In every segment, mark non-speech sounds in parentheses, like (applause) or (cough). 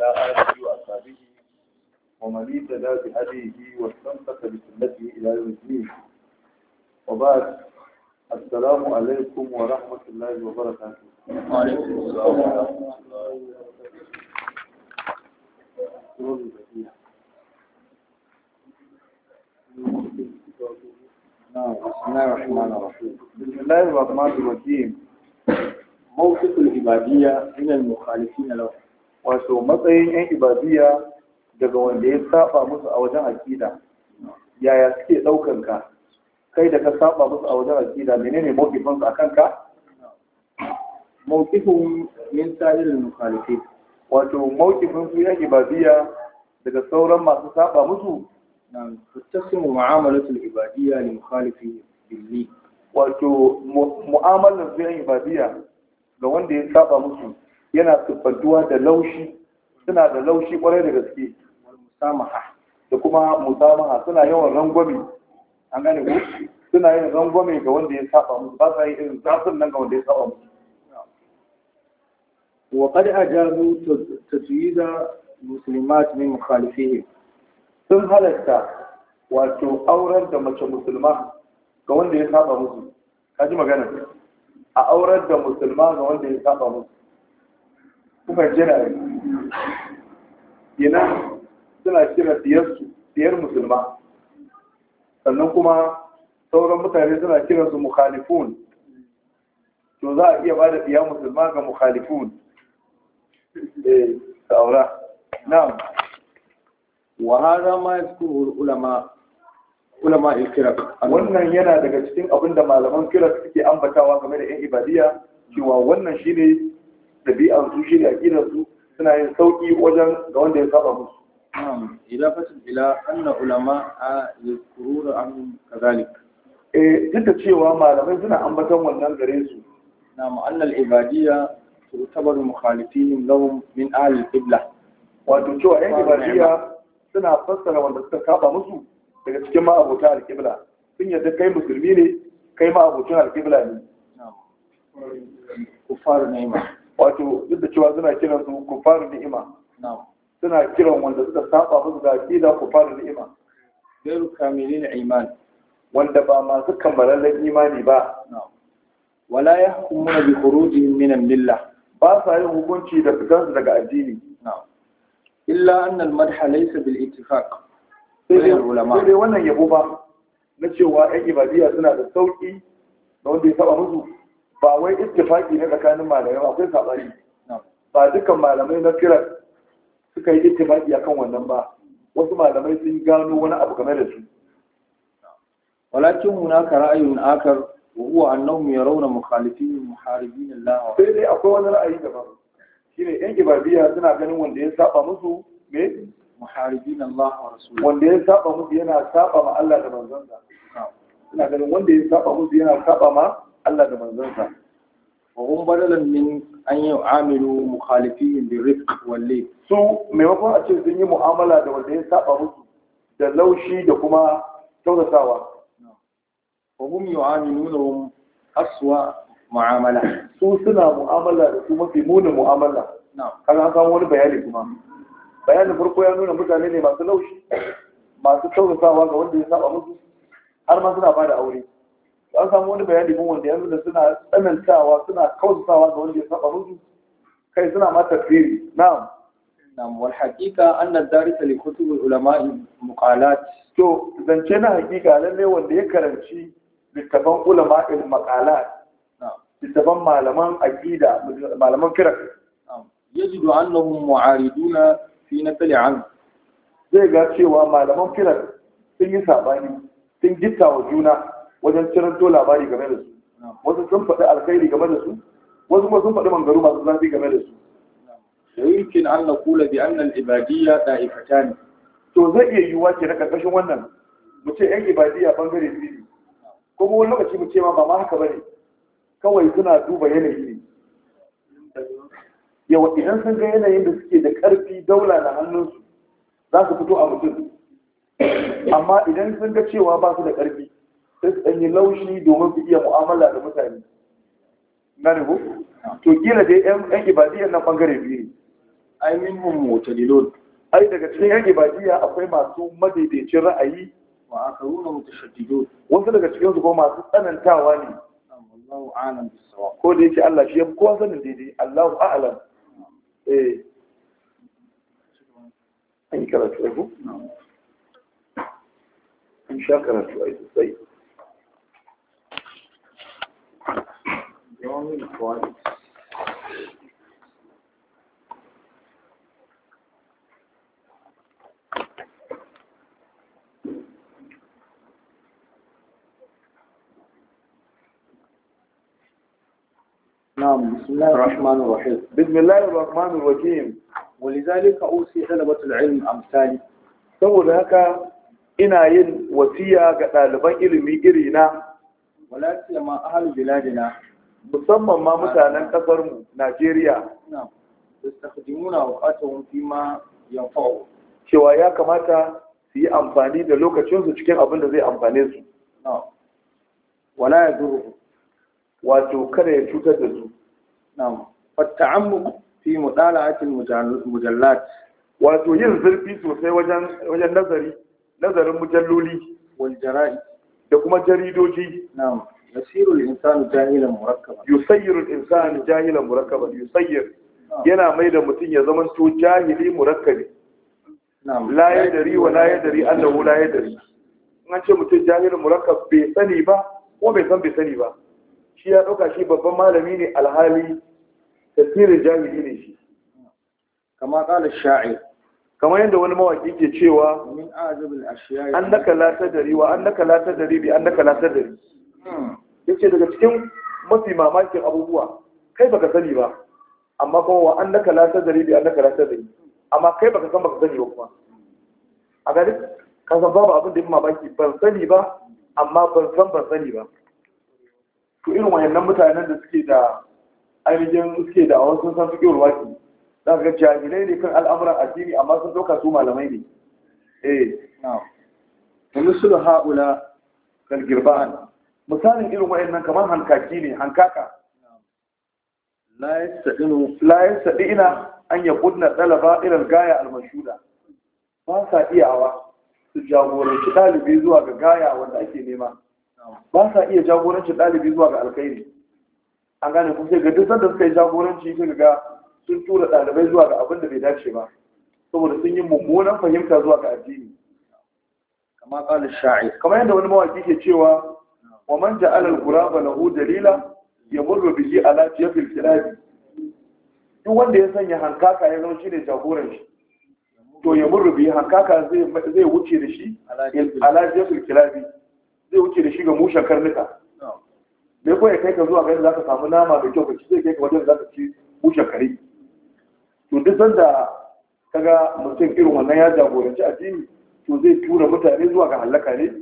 وعلى آله وأصحابه ومن اهتدى بهديه واستمسك بسنته إلى يوم الدين وبعد السلام عليكم ورحمة الله وبركاته وعليكم السلام ورحمة الله وبركاته بسم الله الرحمن الرحيم بسم الله الرحمن الرحيم موقف العبادية من المخالفين له wato matsayin yan ibadiyya daga wanda ya saba musu a wajen akida yaya suke ɗaukan ka kai da ka saba musu a wajen akida menene mawkifinsu a kanka mawkifin min sa'irin mukhalifi wato mawkifin su yan ibadiyya daga sauran masu saba musu na tattasimu mu'amalatul ibadiyya li mukhalifi billi wato mu'amalar su yan ibadiyya ga wanda ya saba musu yana tuffantuwa da laushi suna da laushi kwarai da gaske musamaha. da kuma musamaha suna yawan rangwame an gane ku suna yin rangwame ga wanda ya saba musu ba sa yi irin zafin nan ga wanda ya saba musu وقد ajabu تجويد muslimat min mukhalifihi sun halatta wato aurar da mace musulma ga wanda ya saba musu kaji magana a aurar da musulma ga wanda ya saba musu kuma jira ne ina suna kira diyarsu diyar musulma sannan kuma sauran mutane suna kiransu mukhalifun to za a iya ba da diya musulma ga mukhalifun eh saura na'am wa hada ma yazkuru ulama ulama al-kiraq wannan yana daga cikin abinda malaman kiraq suke ambatawa game da yan cewa wannan shine ɗabi'an su shi ne aƙidar su suna yin sauƙi wajen ga wanda ya saba musu ilafatin ila anna ulama a yadkuruna an kazalik eh duk da cewa malamai suna ambaton wannan gare su na ma'annal ibadiyya تعتبر مخالفين لهم من أهل القبلة wato cewa yan ibadiyya suna fassara wanda suka saba musu daga cikin ma'abota alƙibla sun yadda kai musulmi ne kai ma'abocin alƙibla ne kufar naima wato duk da cewa suna kiran su fara ni'ima suna kiran wanda suka saba musu da ku fara ni'ima gairu kamilin iman wanda ba masu kammalallen imani ba wala yahkumuna bi khuruji min al milla ba sa yin hukunci da fitar su daga addini illa anna al-madha laysa bil ittifaq sai ulama sai wannan yabo ba na cewa 'yan ibadiyya suna da sauki da wanda ya saba musu ba wai ittifaki ne tsakanin malamai ba akwai sabani ba dukkan malamai na firar suka yi ittifaki akan wannan ba wasu malamai sun gano wani abu game da su walakin hunaka ra'ayun akar wa huwa annahum yarawna mukhalifin muharibin Allah sai dai akwai wani ra'ayi da daban shine yan ibadiya suna ganin wanda ya saba musu me muharibin Allah wa rasulahu wanda ya saba musu yana saba ma Allah da manzon sa suna ganin wanda ya saba musu yana saba ma Allah da manzansa wa hum badalan min an yu'amilu mukhalifin bi rifq wal layl su maimakon a ce sun yi mu'amala da wanda ya saba musu da laushi da kuma kyautatawa wa hum yu'amilunhum aswa mu'amala su suna mu'amala da su mafi munin mu'amala kaga an samu wani bayani kuma bayanin farko ya nuna mutane ne masu laushi masu kyautatawa ga wanda ya saba musu har ma suna bada aure an samu wani bayani mun wanda ya nuna suna tsanantawa suna kawzutawa ga wanda ya saba musu kai suna ma tafsiri na'am na'am wal haqiqa anna darisa li kutub al ulama muqalat to zance na haqiqa lalle wanda ya karanci littafan ulama al maqalat littafan malaman aqida malaman fiqh yajidu annahum mu'ariduna fi nafli an zai ga cewa malaman fiqh sun yi sabani sun gitta wa juna wajen to labari game da su wasu sun faɗi alkhairi game da su wasu kuma sun faɗi mangaru masu zafi game da su ويمكن أن نقول بأن العبادية ne. to zai iya yiwuwa ke na karkashin wannan mu ce yan ibadiyya bangare biyu kuma wani lokaci mu ce ma ba ma haka bane kawai suna duba yanayi ne yawa idan sun ga yanayin da suke da karfi daula na hannunsu za su fito a mutum amma idan sun ga cewa ba su da karfi sai su laushi domin su iya mu'amala da mutane na rigo to kila dai yan ibadiyyar nan bangare biyu ne mun min hum mutadilun ai daga cikin yan ibadiyya akwai masu madaidaicin ra'ayi wa akaruna mutashaddidun wasu daga cikin su ko masu tsanantawa ne Allahu a'lam bis ko da yake Allah shi ya kowa sanin daidai Allahu a'lam eh an karatu ai ko an sha karatu ai sosai نعم بسم الله الرحمن الرحيم بسم الله الرحمن الرحيم ولذلك أوصي طلبة العلم أمثالي saboda haka ina yin wasiya ga ɗaliban ilimi irina wala siyama ahlu biladina musamman ma mutanen kasar mu Najeriya na'am yastakhdimuna awqatuhum ya yanfa'u cewa ya kamata su yi amfani da lokacin su cikin abin da zai amfane su na'am wala zuru wato kada ya cutar da su na'am fatta'ammu fi mudala'atil mujallat wato yin zurfi sosai wajen wajen nazari nazarin mujalloli wal jara'i da kuma jaridoji Yusayyar yasiru jahilan murakkaban yusayyiru yana mai da mutum ya zama to jahili murakkabi laye dari wa la yadari annahu la dari an ce mutum jahilin murakkab bai sani ba ko bai san bai sani ba shi ya dauka shi babban malami ne alhali tasirin jahili ne shi kama kala sha'ir kamar yadda wani mawaki ke cewa an naka latadari wa an naka latadari bi an naka latadari hmm. ya ce daga cikin mafi mamakin abubuwa kai baka sani ba amma kuma wa an naka latadari bi an naka latadari amma kai baka san baka sani ba kuma a gani ka san babu abin da yi mamaki ban sani ba amma ban san ban sani ba to irin wayannan mutanen da suke da ainihin suke da a wasu san fi ƙiwar waki za ga jahilai ne kan al'amuran addini amma sun ɗauka su malamai ne eh na misalin haula kan girba'an misalin irin nan kamar hankaki ne hankaka la saɗi ina an yi kudna ɗalaba irin gaya almashuda ba sa iyawa su jagoranci ɗalibi zuwa ga gaya wanda ake nema ba sa iya jagoranci ɗalibi zuwa ga alkhairi an gane kuma sai ga duk sanda suka yi jagoranci sai ga sun tura ɗalibai zuwa ga abin da bai dace ba saboda sun yi mummunan fahimta zuwa ga addini kama ƙalin sha'i kamar yadda wani mawaki ke cewa wa man ja'ala al ghuraba lahu dalila yamurru bihi ala jafil kirabi duk wanda ya sanya hankaka ya zama shine jagoran shi to yamurru bihi hankaka zai zai wuce da shi ala jafil kirabi zai wuce da shi ga mushen karnuka me ko ya kai ka zuwa ga yadda zaka samu nama da kyau ka ci zai kai ka wajen zaka ci mushen kare to duk sanda kaga mutum irin wannan ya jagoranci addini to zai tura mutane zuwa ga halaka ne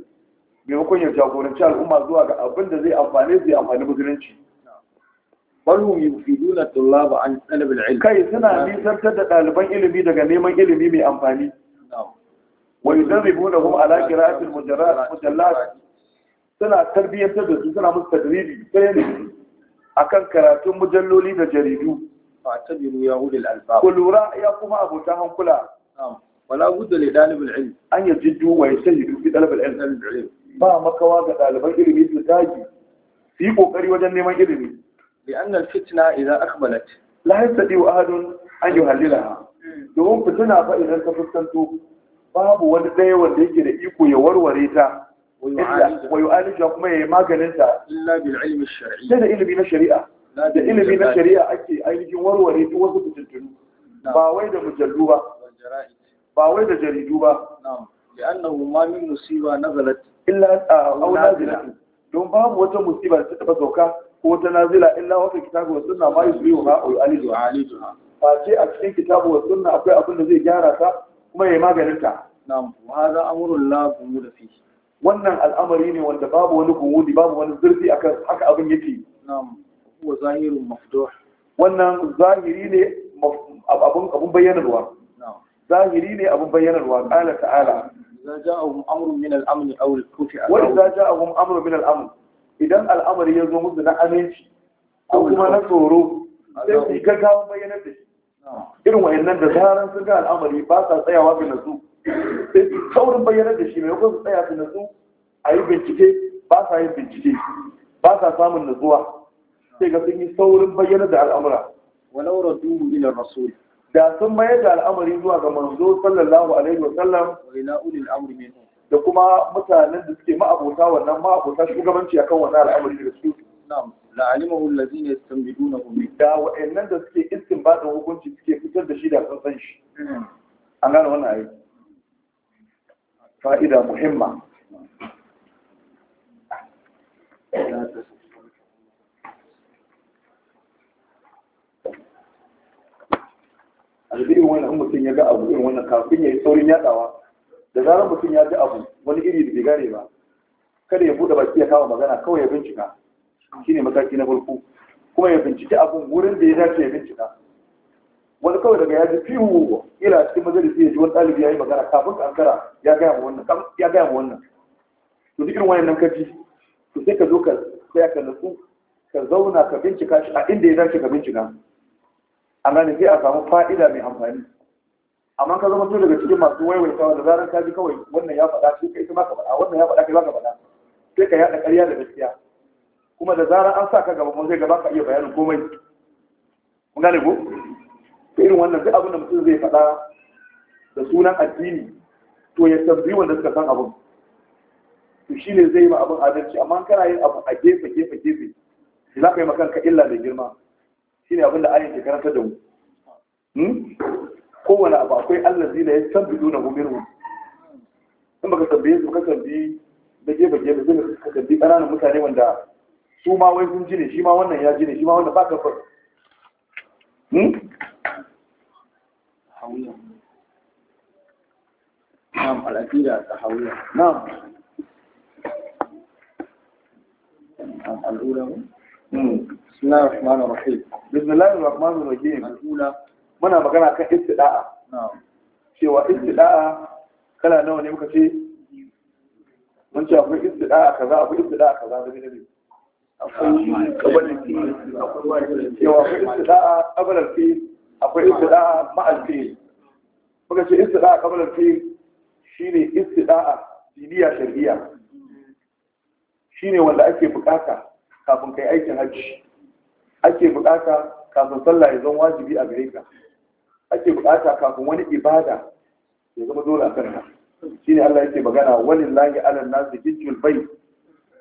maimakon ya jagoranci al'umma zuwa ga abin da zai amfani zai amfani musulunci balhum yufiduna tullab an talab al-ilm kai suna nisantar da ɗaliban ilimi daga neman ilimi mai amfani wa yudarribunahum ala qira'atil mujarrad mujallat suna tarbiyyantar da su suna musu tadribi training akan karatun mujalloli da jaridu fa'tabiru ya ulil albab ku lura ya kuma abota hankula wala budda li dalibul ilm an yajiddu wa yastajidu fi dalibul ilm ba makawa ga ɗaliban ilimi su taji su yi wajen neman ilimi لأن الفتنة إذا أقبلت لا يستطيع أحد أن يهللها domin fitina fa idan ta fuskanto babu wani ɗaya da yake da iko ya warware ta wa yu'alija kuma ya yi maganin ta da ilimi na shari'a da ilimi na shari'a ake ainihin warware duk wasu fitintunu ba wai da mujallu ba ba wai da jaridu ba li'annahu ma min musiba nazalat don babu wata musiba da ta taba sauka ko wata nazila illa wata kitabu wa sunna ma yusbihu ha aw alidu alidu a cikin kitabu wa sunna akwai abin da zai gyara ta kuma ya maganin ta wa hadha amrun la bunud wannan al'amari ne wanda babu wani buwudi babu wani zurfi akan haka abin yake wa zahirun mafduh wannan zahiri ne abun bayyanarwa zahiri ne abun bayyanarwa ƙala ta'ala wani za ja min amurin min al'amun idan al'amari ya zo musu na aminci ko kuma na tsoro sai su gaggawa bayyanar da shi irin nan da zaran sun ga al'amari ba sa tsayawa fi nasu sai saurin bayyanar da shi mai kuma su tsaya fi nasu a yi bincike ba sa yin bincike ba sa samun natsuwa sai ga sun yi saurin bayyana da al'amura walau duhu ila rasul da sun mayar da al'amari zuwa ga manzo sallallahu alaihi wa sallam da kuma mutanen da suke ma'abota wannan ma'abota shugabanci akan wannan al'amari da su na'am la'alimahu allazina yastanbidunahu min da wa'annan da suke istinbadin hukunci suke fitar da shi da sun san shi hmm. an gane wannan ayi fa'ida muhimma albi irin wannan in mutum ya ga abu irin wannan kafin ya yi saurin yadawa da zarar mutum ya ji abu wani iri da bai gane ba kada ya buɗe baki ya kawo magana kawai ya bincika shine mataki na farko kuma ya binciki abun wurin da ya dace ya bincika wani kawai daga ya ji fihu ila cikin majalisi ya ji wani ɗalibi ya yi magana kafin ka ankara ya gaya ma wannan ya gaya ma wannan to duk irin wannan kaji to sai ka zo ka sai ka nutsu ka zauna ka bincika shi a inda ya dace ka bincika an gane sai a samu fa'ida mai amfani amma ka zama to daga cikin masu waiwai kawai da zarar ka ji kawai wannan ya faɗa sai kai ma ka faɗa wannan ya faɗa kai ma ka faɗa sai ka yaɗa ƙarya da gaskiya kuma da zarar an sa ka gaba kuma zai gaba ka iya bayanin komai kun gane ko irin wannan duk abin da mutum zai faɗa da sunan addini to ya tambayi wanda suka san abin to shi ne zai yi ma abin adalci amma kana yin abu a gefe gefe gefe za ka yi ma kanka illa mai girma shine abin da ayin ke karanta da mu hmm? kowane abu akwai Allah zina ya san bidu na mumiru in baka tambaye su ka tambi da gefe gefe su ka tambi ƙananan mutane wanda su ma wai sun ji shi ma wannan ya ji shi ma wannan ba ka fa نعم العقيدة التحوية نعم الأولى بسم الله الرحمن الرحيم بسم الله الرحمن الرحيم الأولى muna magana kan istida'a cewa istida'a kala nawa ne muka ce mun ce akwai istida'a kaza akwai istida'a kaza da bidabi akwai kabalar fi cewa akwai istida'a kabalar fi akwai istida'a ma'al fi muka ce istida'a kabalar fi shine istida'a diniya shari'a shine wanda ake bukata kafin kai aikin hajji ake bukata kafin sallah ya zama wajibi a gare ka ake bukata kafin wani ibada ya zama dole a kanka shine Allah yake magana walillahi ala nas hijjul bayt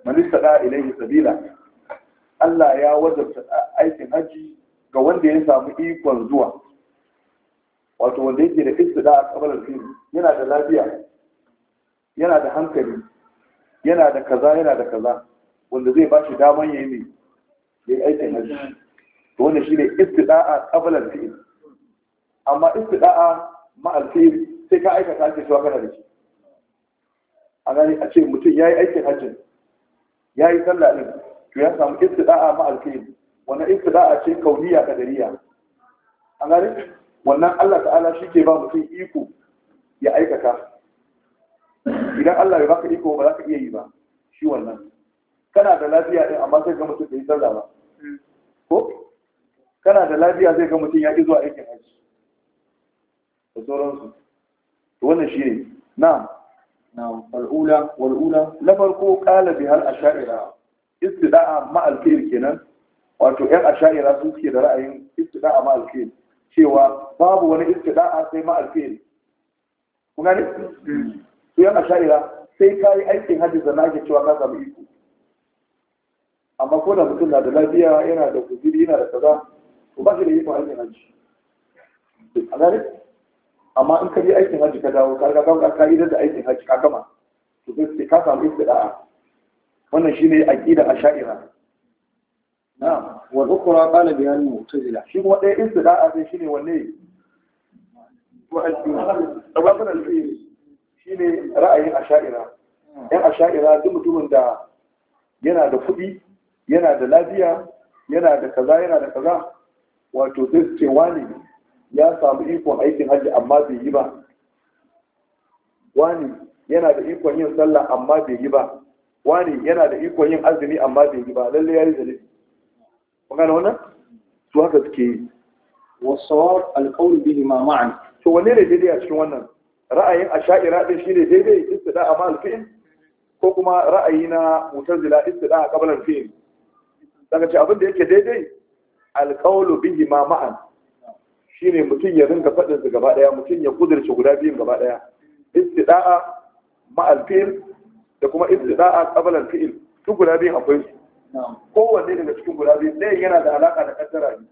man istada ilayhi sabila Allah ya wajabta aikin haji ga wanda ya samu ikon zuwa wato wanda yake da istida a kabalar fili yana da lafiya yana da hankali yana da kaza yana da kaza wanda zai ba shi daman yayi shi ne istida'a qabla fi'il amma istida'a ma'al fi'il sai ka aikata ake cewa kana da shi a gani a ce mutum ya yi aikin hajjin ya yi sallah din to ya samu istida'a ma'al fi'il wannan istida'a ce kauniya kadariya a gani wannan Allah ta'ala shi ke ba mutum iko ya aikata idan Allah bai baka iko ba za ka iya yi ba shi wannan kana da lafiya din amma sai ga mutum da yi sallah ba ko kana da lafiya zai ga mutum ya ƙi zuwa aikin haji da sauransu to wannan shi ne na na wal'ula wal'ula na farko ƙala bi hal asha'ira istida'a ma alkhair kenan wato yan asha'ira sun ke da ra'ayin istida'a ma alkhair cewa babu wani istida'a sai ma alkhair kun gane su hmm. yan asha'ira sai kai aikin haji da nake cewa ka samu iko amma ko da mutum na da lafiya yana da kuziri yana da kaza to ba shi da iko aikin hajji a gane amma in ka yi aikin hajji ka dawo ka ga ka yi da aikin hajji ka gama to sai ka samu istida'a wannan shine aqida ash'ira na'am wa dhukra qala bi al mu'tazila shi kuma dai istida'a sai shine wanne wa al shine ra'ayin ash'ira yan ash'ira duk mutumin da yana da kuɗi yana da lafiya yana da kaza yana da kaza wato zai cewa ce wani ya samu ikon aikin hajji amma bai yi ba wani yana da ikon yin sallah amma bai yi ba wani yana da ikon yin azumi amma bai yi ba lalle ya yi kun ga wannan to haka suke yi sawar alqawl bihi ma ma'an to wanne ne daidai a cikin wannan ra'ayin asha'ira din shi ne daidai istida a ma ko kuma ra'ayi na mutazila istida a kabalar fi'in saka ce abin yake daidai alƙawlu bihi ma ma'an shine mutum ya rinka faɗin su gaba ɗaya mutum ya kudirce guda biyun gaba ɗaya istida'a ma'al fi'il da kuma istida'a qabla al fi'il duk guda biyun akwai su kowanne daga cikin guda biyun ɗayan yana da alaƙa da kaddara ne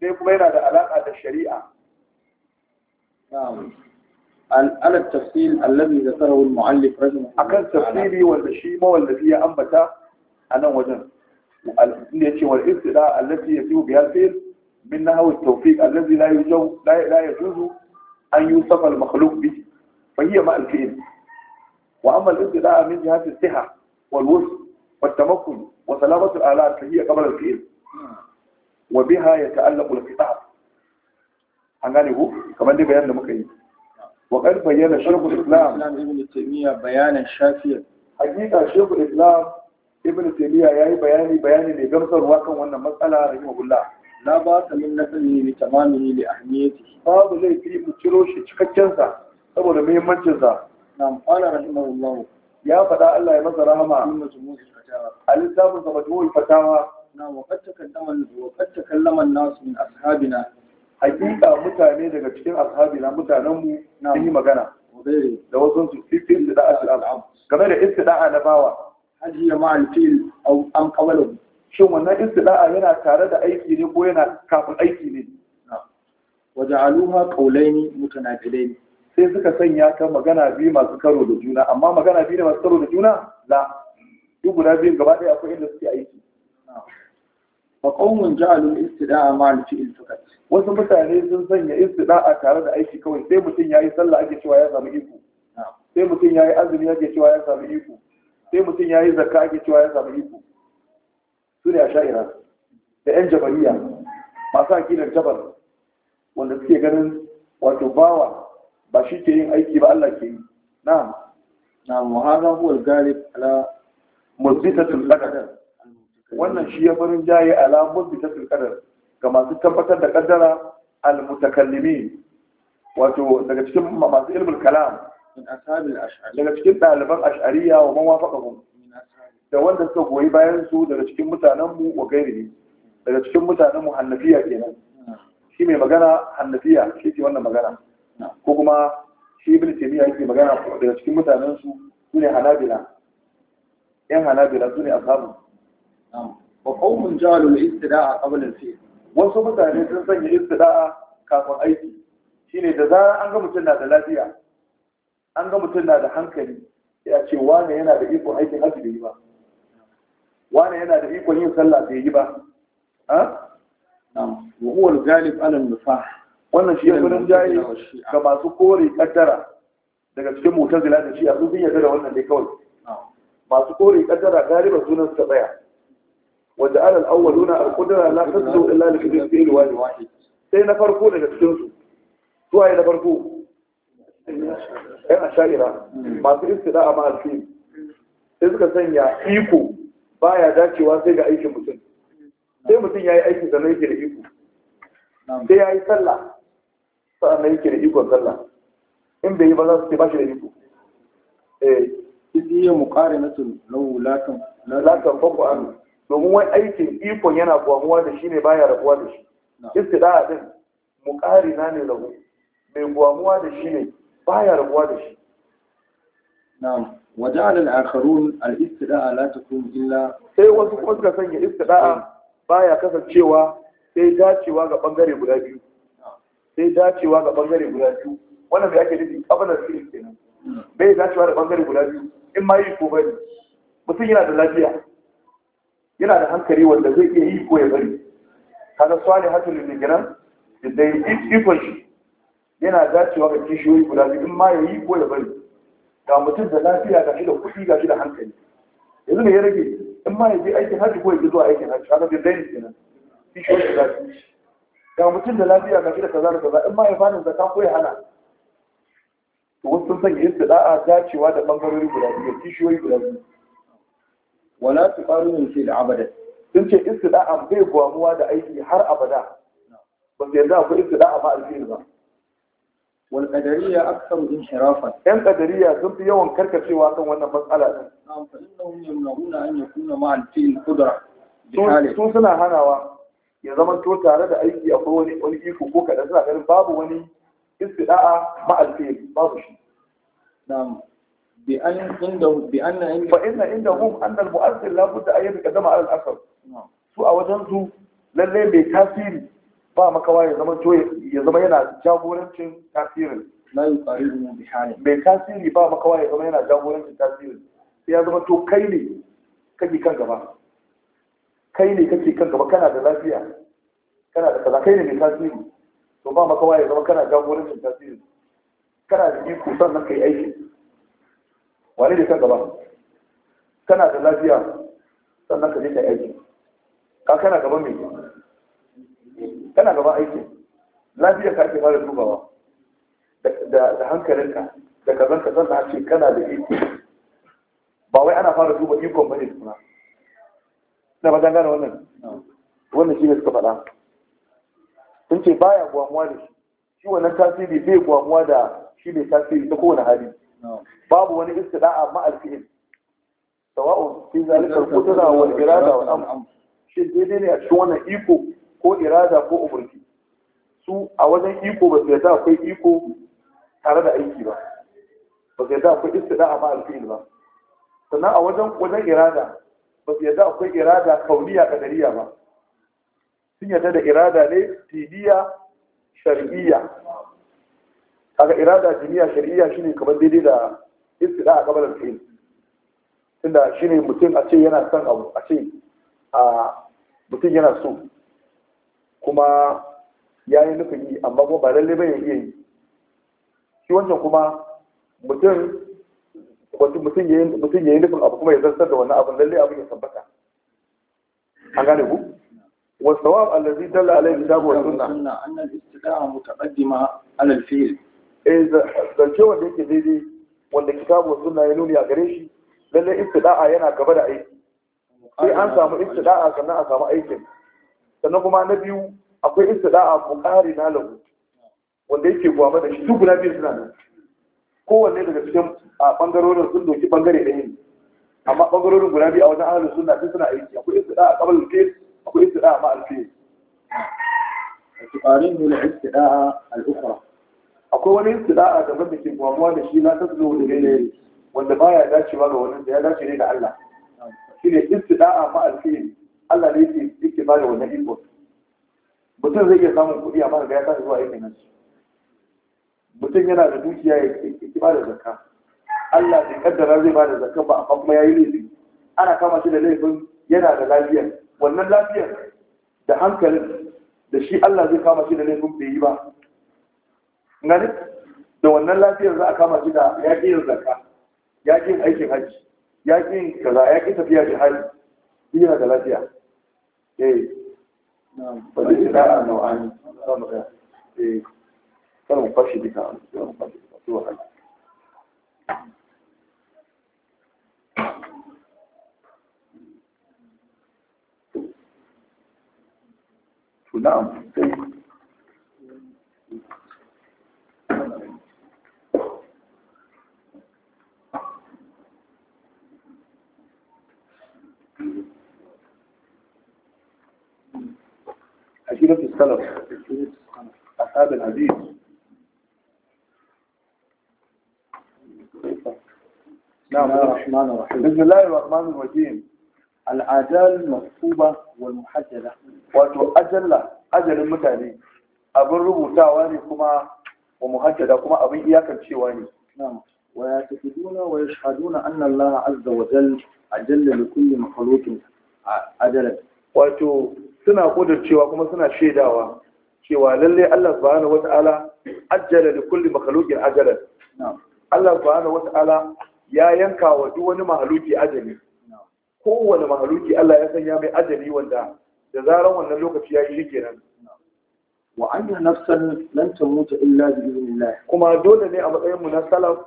ɗaya kuma yana da alaƙa da shari'a على التفصيل الذي ذكره المؤلف رحمه الله أكن تفصيلي ولا شيء ما ولا فيه أنبتا أنا وجن الاسئله والاستدعاء التي يتم بها الفعل من هو التوفيق الذي لا يجوز لا يجوز ان يوصف المخلوق به فهي ما الفعل واما الاستدعاء من جهه الصحه والوسع والتمكن وسلامه الالات فهي قبل الفعل وبها يتعلق الخطاب عندنا هو كما دي بيان لمكاني وقد بيان شرف الاسلام ابن تيميه بيان الشافعي حقيقه شرف الاسلام ibn taymiya yayi bayani bayani mai gamsarwa kan wannan matsala rahimahullah Na ba ta min nasani li ni li ahmiyati babu laifi mu ciro shi cikakken sa saboda muhimmancin sa nam qala rahimahullah ya faɗa Allah ya masa rahama min majmu'i fatawa al-littafin sa fatawa na wa qad takallama wa qad takallama an-nas min ashabina hakika mutane daga cikin ashabina mutanen mu sun yi magana da wasu su fi fi da al'am game da istida'a na bawa hal ya ma'al fil kamala qablahu shin wannan istida'a yana tare da aiki ne ko yana kafin aiki ne Waje waja'aluha qawlaini mutanaqilaini sai suka sanya ta magana biyu masu karo da juna amma magana biyu ne masu karo da juna Za. duk guda biyun gaba ɗaya akwai inda suke aiki fa qawmun ja'alu istida'a ma'al fi'l fakat wasu mutane sun sanya istida'a tare da aiki kawai sai mutum yayi sallah ake cewa ya samu iko sai mutum yayi azumi ake cewa ya samu iko sai mutum ya yi zakka ake cewa ya samu iko su ne a sha'ira da 'yan jabariya masu akidar jabar wanda suke ganin wato bawa ba shi ke yin aiki ba Allah ke yi na na muhara huwa galib ala muzbitatul qadar wannan shi ya farin jaye ala muzbitatul qadar ga masu tabbatar da kaddara al mutakallimin wato daga cikin masu ilmul kalam daga cikin ɗaliban ash'ariya wa mawafaka mu. da wanda suka goyi bayan su daga cikin mutanenmu wa gairi daga cikin mutanenmu hannafiya kenan shi mai magana hannafiya shi ke wannan magana ko kuma shi ibn taymiya yake magana daga cikin mutanen su sune hanabila yan hanabila sune ashabu wa qaumun jalu al-istida'a qabla al-fi'l wasu mutane sun sanya istida'a kafin aiki shine da zarar an ga mutum na da lafiya an ga mutum na da hankali ya ce wane yana da ikon aikin hajji da yi ba wane yana da ikon yin sallah da yi ba ha na wa galib alin nufa wannan shi ya wurin jayi ga masu kore kaddara daga cikin zila da shi a sun yarda da wannan dai kawai masu kore kaddara galiban sunan suka tsaya wanda alal awwaluna al-qudra la tasdu illa li kitabin wahid sai na farko daga cikin su yi na farko yan asha'ira masu da a ma'alfi sai suka sanya iko ba ya dacewa sai ga aikin mutum sai mutum ya yi aiki sannan yake da iko sai ya yi sallah sannan yake da ikon sallah in bai yi ba za su ce ba shi da iko eh iya muƙari na tun lau latin lakan fako an domin wani aikin ikon yana gwamuwa da shi ne baya rabuwa da shi a din muƙari na ne lahu mai gwamuwa da shi ne baya rabuwa da shi na'am وجعل الآخرون الاستداء لا تكون illa. sai wasu kuma suka sanya istida'a baya kasancewa sai dacewa ga bangare guda biyu sai dacewa ga bangare guda biyu wannan da ake nufi kabalar shi kenan bai dacewa da bangare guda biyu in ma yi ko bari mutum yana da lafiya yana da hankali wanda zai iya yi ko ya bari kaga swali hatul ligiran da dai ikon shi yana dacewa ga kishiyoyi guda biyu in ma ya yi ko ya bari ga mutum da lafiya ga shi da kuɗi ga shi da hankali yanzu ne ya rage in ma ya je aikin hajji ko ya je zuwa aikin hajji haka zai daina kenan kishiyoyi guda biyu ga mutum da lafiya ga shi da kaza da kaza in ma ya fara zaka ko ya hana to wasu sun sanya yadda da'a dacewa da bangarori guda biyu kishiyoyi guda biyu wala su faru ne sai da abada sun ce istida'a bai gwamuwa da aiki har abada ba su yarda akwai istida'a ba alfil ba wal qadariyya aktsaru inhirafan yan qadariyya sun fi yawan karkacewa kan wannan matsala din na'am fa innahum yamna'una an yakuna ma'a ya zama tare da aiki akwai wani iko ko kaɗan suna ganin babu wani istida'a ma'a al babu shi na'am bi an inda bi anna inda fa inna indahum anna al-mu'azzir la budda su a wajen su lalle mai tasiri ba makawa ya zama to ya zama yana jagorancin tasirin la yuqaribu bi bai tasiri ba makawa ya zama yana jagorancin tasirin sai ya zama to kai ne kake kan gaba kai ne kake kan gaba kana da lafiya kana da kaza kai ne mai tasiri to ba makawa ya zama kana jagorancin tasirin kana da iko sannan kai aiki wani ne kan gaba kana da lafiya sannan ka je kai aiki ka kana gaba mai kana gaba aiki lafiyar ka ake fara dubawa da hankalinka da kazan ka zan ce kana da iko ba wai ana fara duba ikon bane suna na ba gane wannan wannan shi ne suka faɗa sun ce baya gwamuwa da shi shi wannan tasiri bai gwamuwa da shi ne tasiri ta kowane hali babu wani istida'a ma alfi'il sawa'un fi zalika tana wani gira da wal amr shi daidai ne a cikin wannan iko ko irada ko umarni su a wajen iko ba su yarda akwai iko tare da aiki ba ba su yarda akwai istida'a ma alfi'il ba sannan a wajen wajen irada ba su yarda akwai irada kauniya kadariya ba sun yarda da irada ne fidiya shar'iyya kaga irada diniya shar'iyya shine kamar daidai da istida'a kamar alfi'il tunda shine mutum a ce yana son abu a ce a mutum yana so kuma ya yi nufin yi amma kuma ba lalle bai iya yi shi wannan kuma mutum ya yi nufin abu kuma ya zartar da wannan abu lalle abu ya tabbata an gane ku wasawab allazi dalla alaihi kitabu wa sunna sunna anna al-istidaa mutaqaddima ala al-fi'l eh da zance wanda yake daidai wanda kitabu wa sunna ya nuni a gare shi lalle istidaa yana gaba da aiki sai an samu istidaa sannan a samu aikin sannan kuma na biyu akwai istida'a muqari na lagu wanda yake gwaba da shi duk guda biyu suna nan kowanne daga cikin bangarorin sun doki bangare ɗaya ne amma bangarorin guda biyu a wajen ahalin sunna sun suna aiki akwai istida'a a al ke, akwai da'a ma al-fi'l tuqarinu al-istida'a a ukhra akwai wani istida'a da ke gwamuwa da shi na zuwa da gane wanda ba dace dacewa ga wannan da ya dace ne da Allah shine istida'a ma a fil Allah ne yake yake ba da wannan iko mutum zai iya samun kuɗi amma ga ya tashi zuwa yake nan mutum yana da dukiya ya yake ba da zakka Allah ne kaddara zai ba da zakka ba amma kuma yayi laifi ana kama shi da laifin yana da lafiya wannan lafiyar da hankalin da shi Allah zai kama shi da laifin bai yi ba Ngani da wannan lafiyar za a kama shi da yaƙin yin zakka Yaƙin aikin hajji yaƙin kaza yaƙin tafiya jihar, yana da lafiya eh na'am fa da nau'an zamu ga eh kar mu fashi duka kar mu fashi duka to haka to na'am sai سيرة السلف أصحاب الحديث نعم الرحمن الرحيم بسم الله الرحمن الرحيم العجال المكتوبة والمحجلة واتو أجلة أجل المتالي أبن ربوتا واني كما ومحجلة كما أبن إياك الشيواني نعم ويعتقدون ويشهدون أن الله عز وجل أجل لكل مخلوق أجلا واتو suna cewa kuma suna shaidawa cewa lalle Allah subhanahu wata'ala ajjala li kulli makhluqin ajalan Allah subhanahu wata'ala ya yanka wa duk wani mahaluki ajali kowane mahaluki Allah ya sanya mai ajali wanda da zaran wannan lokaci ya yi shikenan wa anna nafsan lan tamuta illa bi idhnillah kuma dole ne a matsayin mu na salaf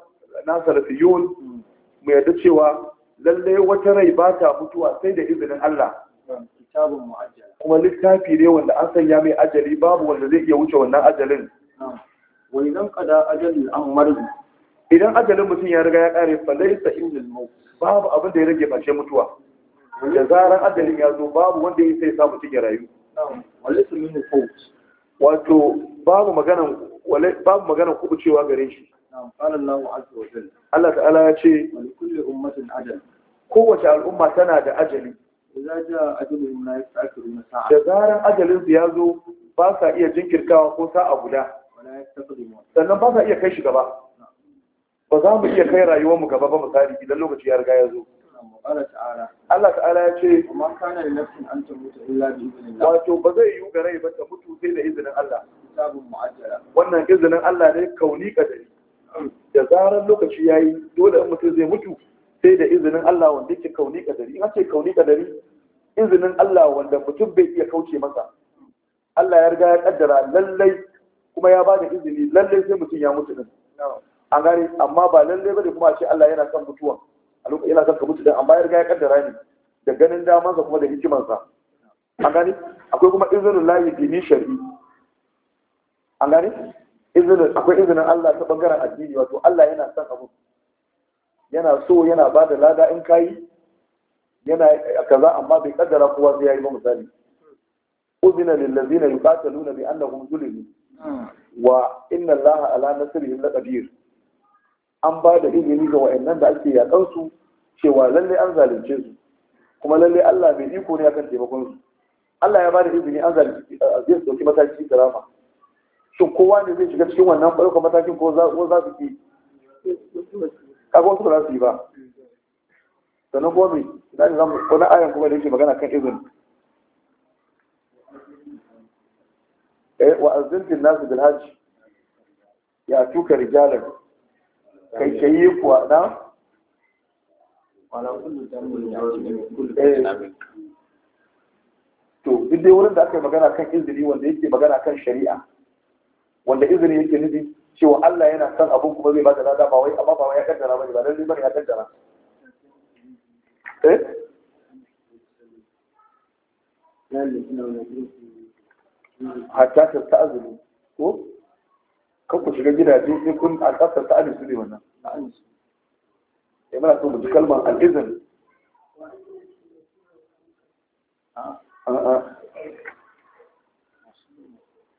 na salafiyun hmm. mu yarda cewa lalle wata rai ba ta mutuwa sai da izinin Allah kitabun mu'ajjal kuma littafi ne wanda an sanya mai ajali babu wanda zai iya wuce wannan ajalin wa idan qada ajalin an marzu idan ajalin mutum ya riga ya kare fa laysa illal maut babu abin da ya rage face mutuwa da zaran ajalin ya zo babu wanda ya sai samu cike rayu wallahi min fault wato babu wallahi babu ku kubucewa gare shi Allah ta'ala ya ce kowace al'umma tana da ajali idza jaa ajaluhum la na sa'a da zaran ajalin su ya zo ba sa iya jinkirtawa ko sa'a guda sannan ba sa iya kai shi gaba ba za mu iya kai rayuwar mu gaba ba misali idan lokaci ya riga ya zo Allah ta'ala ya ce amma kana da nafsin an ta mutu illa bi wato ba zai yi ga rai ba ta mutu sai da izinin Allah kitabun mu'ajjala wannan izinin Allah ne kauni kadari da zarar lokaci yayi dole in mutum zai mutu sai da izinin Allah wanda yake kauni kadari in ce kauni kadari izinin Allah wanda mutum bai iya kauce masa Allah ya riga ya kaddara lallai kuma ya bada izini lallai sai mutum ya mutu din a gare amma ba lallai bane kuma a ce Allah yana son mutuwa a lokacin yana son ka mutu din amma ya riga ya kaddara ne da ganin sa kuma da sa a gane akwai kuma izinin layi dini shari'i a gane izinin akwai izinin Allah ta bangaren addini wato Allah yana son abu yana so yana bada lada in kayi yana a kaza amma bai kaddara kowa sai yi ba misali uzina lil ladzina yuqataluna bi annahum zulimu wa inna allaha ala nasrihim laqadir an ba da izini ga wayannan da ake yakan su cewa lalle an zalunce su kuma lalle Allah bai iko ne akan taimakon su Allah ya ba da izini an zalunce zai dauki mataki da rama shin kowa ne zai shiga cikin wannan farko matakin ko za su ki kaga wasu ba za su yi ba sannan kuma mai na ne zama wani ayan kuma da yake magana kan izin eh wa azintin nasu bil hajj ya tuka rijalar kai yi kuwa na eh. to duk dai wurin da aka yi magana kan izini wanda yake magana kan shari'a wanda izini yake nufi cewa Allah yana son abin kuma zai bada lada ba wai amma ba wai ya kaddara ne ba lalle bane ya kaddara eh hatta ta azumi ko kan ku shiga gidaje sai kun al'asar ta alisu ne wannan ya eh, mana so mu kalmar al'izin ah, ah, ah.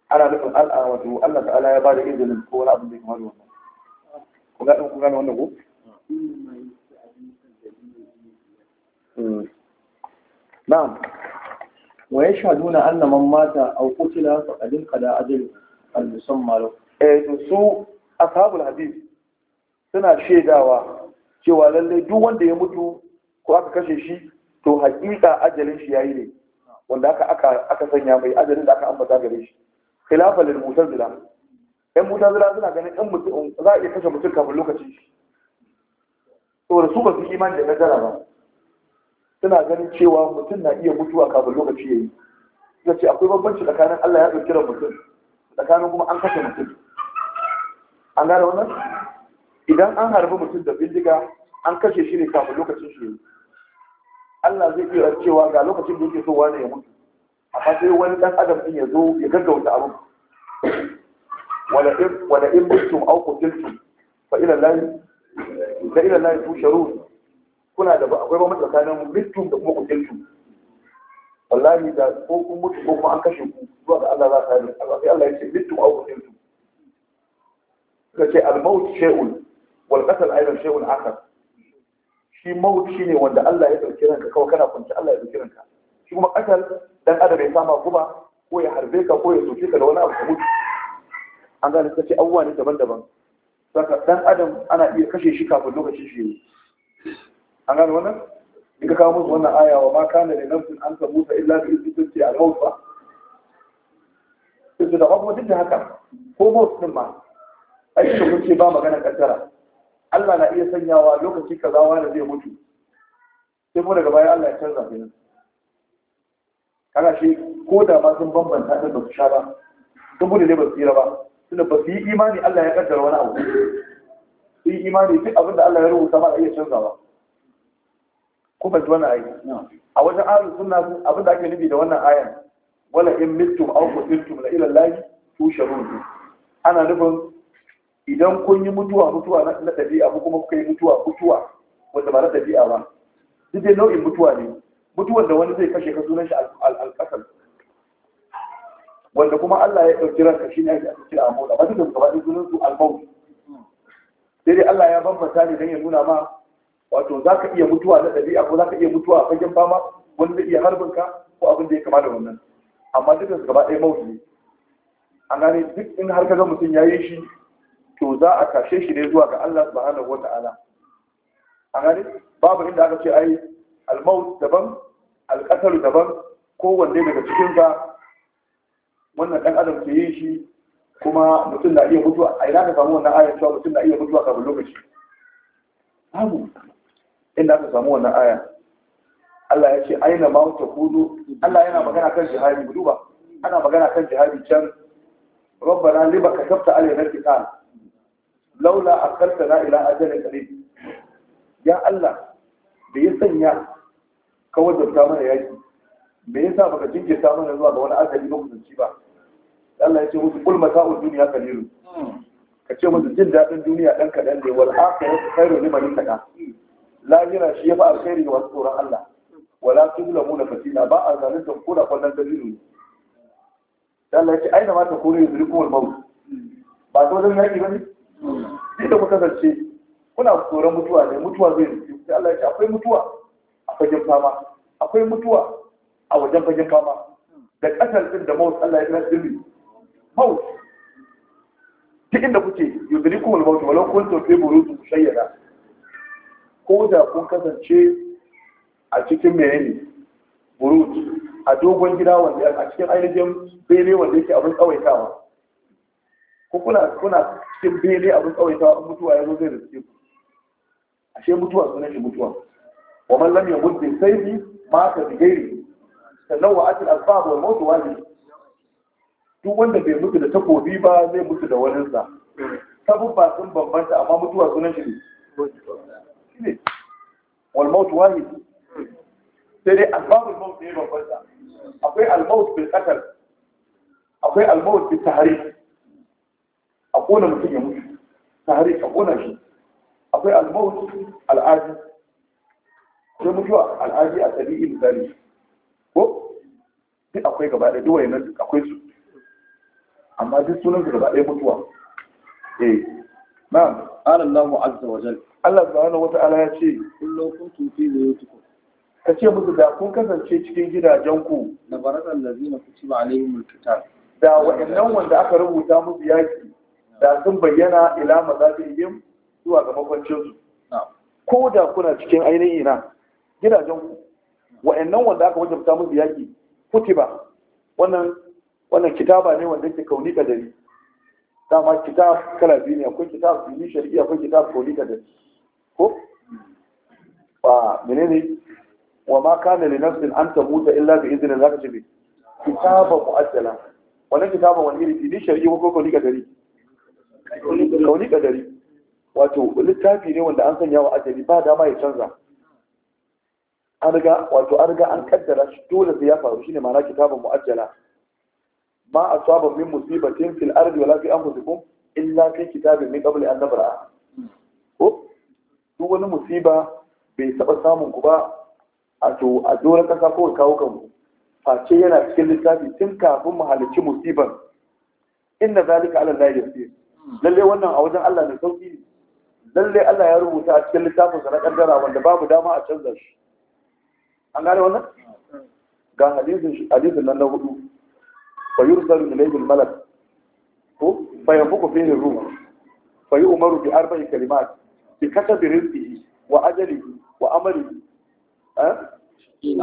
ana nufin al'a wato Allah ta'ala ya ba da izinin ko wani abin da ya kamar wannan ku gane wannan ko Mm. na'am wa yashhaduna anna man mata aw qutila faqad qada ajal al musamma lahu eh to su ashabul suna shaidawa cewa lalle duk wanda ya mutu ko aka kashe shi to hakika ajalin shi yayi ne wanda aka aka aka sanya mai ajalin da aka ambata gare shi khilafa lil mutazila ɗan mutazila suna ganin ɗan mutum za a iya kashe mutum kafin lokaci saboda su ba su imani da nazara ba suna ganin cewa mutum na iya mutuwa kafin lokaci ya yi ya ce akwai bambanci tsakanin Allah ya ɗauki ran mutum tsakanin kuma an kashe mutum an gane wannan idan an harbi mutum da bindiga an kashe shi ne kafin lokacin shi ya yi Allah zai iya cewa ga lokacin da yake so wani ya mutu a fasai wani ɗan adam ɗin ya zo ya gaggauta abin wala in in mutum au qutiltum fa ila Allah la ila Allah tusharun kuna da akwai ba mutu tsakanin mutum da kuma kutiltu wallahi da ko kun mutu ko kuma an kashe ku zuwa ga Allah za ka, yi Allah sai Allah ya ce mutum au kutiltu Ka ce al-maut shay'un wal qatl aidan shay'un akhar shi maut shine wanda Allah ya dauki ranka kawai kana kunci Allah ya dauki ranka shi kuma qatl dan adam ya sama kuma ko ya harbe ka ko ya soke ka da wani abu ka mutu an gane ka ce abubuwa ne daban-daban saka dan adam ana iya kashe shi kafin lokacin shi an gane wannan in ka kawo musu wannan ayawa. wa ma kana da nafsin an ta musa illa bi izinin ce a maut ba sai da kuma duk da haka ko maut din ma ai shi mun ce ba magana kaddara Allah na iya sanyawa lokaci kaza wani zai mutu sai mu daga baya Allah ya canza shi kaga shi ko da ma sun bambanta da ba su sha ba sun bude ne ba su tsira ba tunda ba su yi imani Allah ya kaddara wani abu su yi imani duk abin da Allah ya rubuta ba a iya canza ba. ko ba ji wannan ayi a wajen ahlus sunna abin da ake nufi da wannan ayan wala in mittum aw qutiltum la ila allahi tusharun ana nufin idan kun yi mutuwa mutuwa na dabi'a ko kuma kuka yi mutuwa mutuwa wanda ba na dabi'a ba duk dai nau'in mutuwa ne mutuwar da wani zai kashe ka sunan shi al-qasam wanda kuma Allah ya ɗauki ranka shi ne ake kira a mota ba duka gaba ɗin sunan su al-maut hmm. sai dai Allah ya bambanta ne don ya nuna ma wato za ka iya mutuwa na ɗabi'a ko za ka iya mutuwa a fagen fama wani zai iya harbin ka ko abin da ya kama da wannan amma da su gaba ɗaya mawuyi ne an gane duk in har ka ga mutum ya yi shi to za a tashe shi ne zuwa ga Allah subhanahu wata'ala an gane babu inda aka ce ai almaut daban alƙasar daban kowanne daga cikin sa wannan ɗan adam ke yi shi kuma mutum na iya mutuwa a ina ka samu wannan ayar cewa mutum na iya mutuwa kafin lokaci babu inda aka samu wannan aya Allah ya ce aina ma ta kudu Allah yana magana kan jihadi mu duba ana magana kan jihadi can rabbana liba katabta alaina al-qital laula akhartana ila ajalin qarib ya Allah da ya sanya ka wadanta mana yaki me yasa baka ta mana zuwa ga wani azali ba kusanci ba Allah ya ce musu kul mata'ud dunya qalilun hmm. ka ce musu jin dadin duniya dan kadan ne wal akhiratu khairu liman ittaqa lahira shi ya fi alkhairi ga wasu tsoron Allah wala tuzlamu da fasila ba a zalunta da da kwallon dalilu ne Allah ya ce na mata ta kore yanzu kuma maut ba ta wajen yaki bane Ni da kuka zance kuna tsoron mutuwa ne mutuwa zai yi sai Allah ya ce akwai mutuwa a fagen fama akwai mutuwa a wajen fagen fama da ƙasar din da maut Allah ya kira dirbi maut duk inda kuke yudrikum kuma maut walau kuntum buru su shayyada. ko da kun kasance a cikin menene burut a dogon gida wanda a cikin ainihin bene wanda yake abin tsawaitawa ko kuna kuna cikin bene abin tsawaitawa in mutuwa ya zo zai suke ku ashe mutuwa suna shi mutuwa wa man lam yamut bi sayfi mata bi ghairi ake al-asbab wal mawt wajib duk wanda bai mutu da takobi ba zai mutu da waninsa sabon ba sun bambanta amma mutuwa sunan shi ne ne walmautu wani sai dai albabul mautu ne akwai almaut bil qatal akwai almaut bil tahri a kona mutum ya mutu tahri a shi akwai almaut al'adi sai mutuwa al'adi a tabi'i misali ko akwai gaba da duwaye akwai su amma duk na'am qala Allahu azza wa jalla Allah subhanahu wa ta'ala ya ce kullu kuntum fi buyutikum ka ce musu da kun kasance cikin gidajenku na barakan da zina ku ci alaihim alkitab da wa'annan wanda aka rubuta musu yaki da sun bayyana ila mazabihim zuwa ga su ko da kuna cikin ainihin ina gidajenku wa'annan wanda aka wajabta musu yaki kutiba wannan wannan kitaba ne wanda yake kauni kadari dama kitab kala biyu ne akwai kitab biyu shari'i akwai kitab kolika da ko ba menene wa ma kana li nafsin an tamuta illa bi idnin zaka ce bi kitaba mu'ajjala wannan kitaba wani iri biyu shari'i ko kolika dari kolika dari wato littafi ne wanda an sanya wa ajali ba dama ya canza an riga wato an riga an kaddara shi dole sai ya faru shine ma'ana kitabun mu'ajjala ma a asaba min musibatin fil ardi wala fi anfusikum illa kai kitabin min qabli an nabra'a ko duk wani musiba bai saba samun ku ba a to a dole kasa ko kawo kanku face yana cikin littafi tun kafin mu halicci musiban inda zalika ala la yasir lalle wannan a wajen Allah ne sauki ne lalle Allah ya rubuta a cikin littafin sa na kaddara wanda babu dama a canza shi an gane wannan ga hadisin hadisin nan na hudu fa yursalu ilayhi al-malak ko fa yanfuku fihi ruh fa yu'maru bi arba'i kalimat bi kasabi rizqihi wa ajalihi wa amalihi ha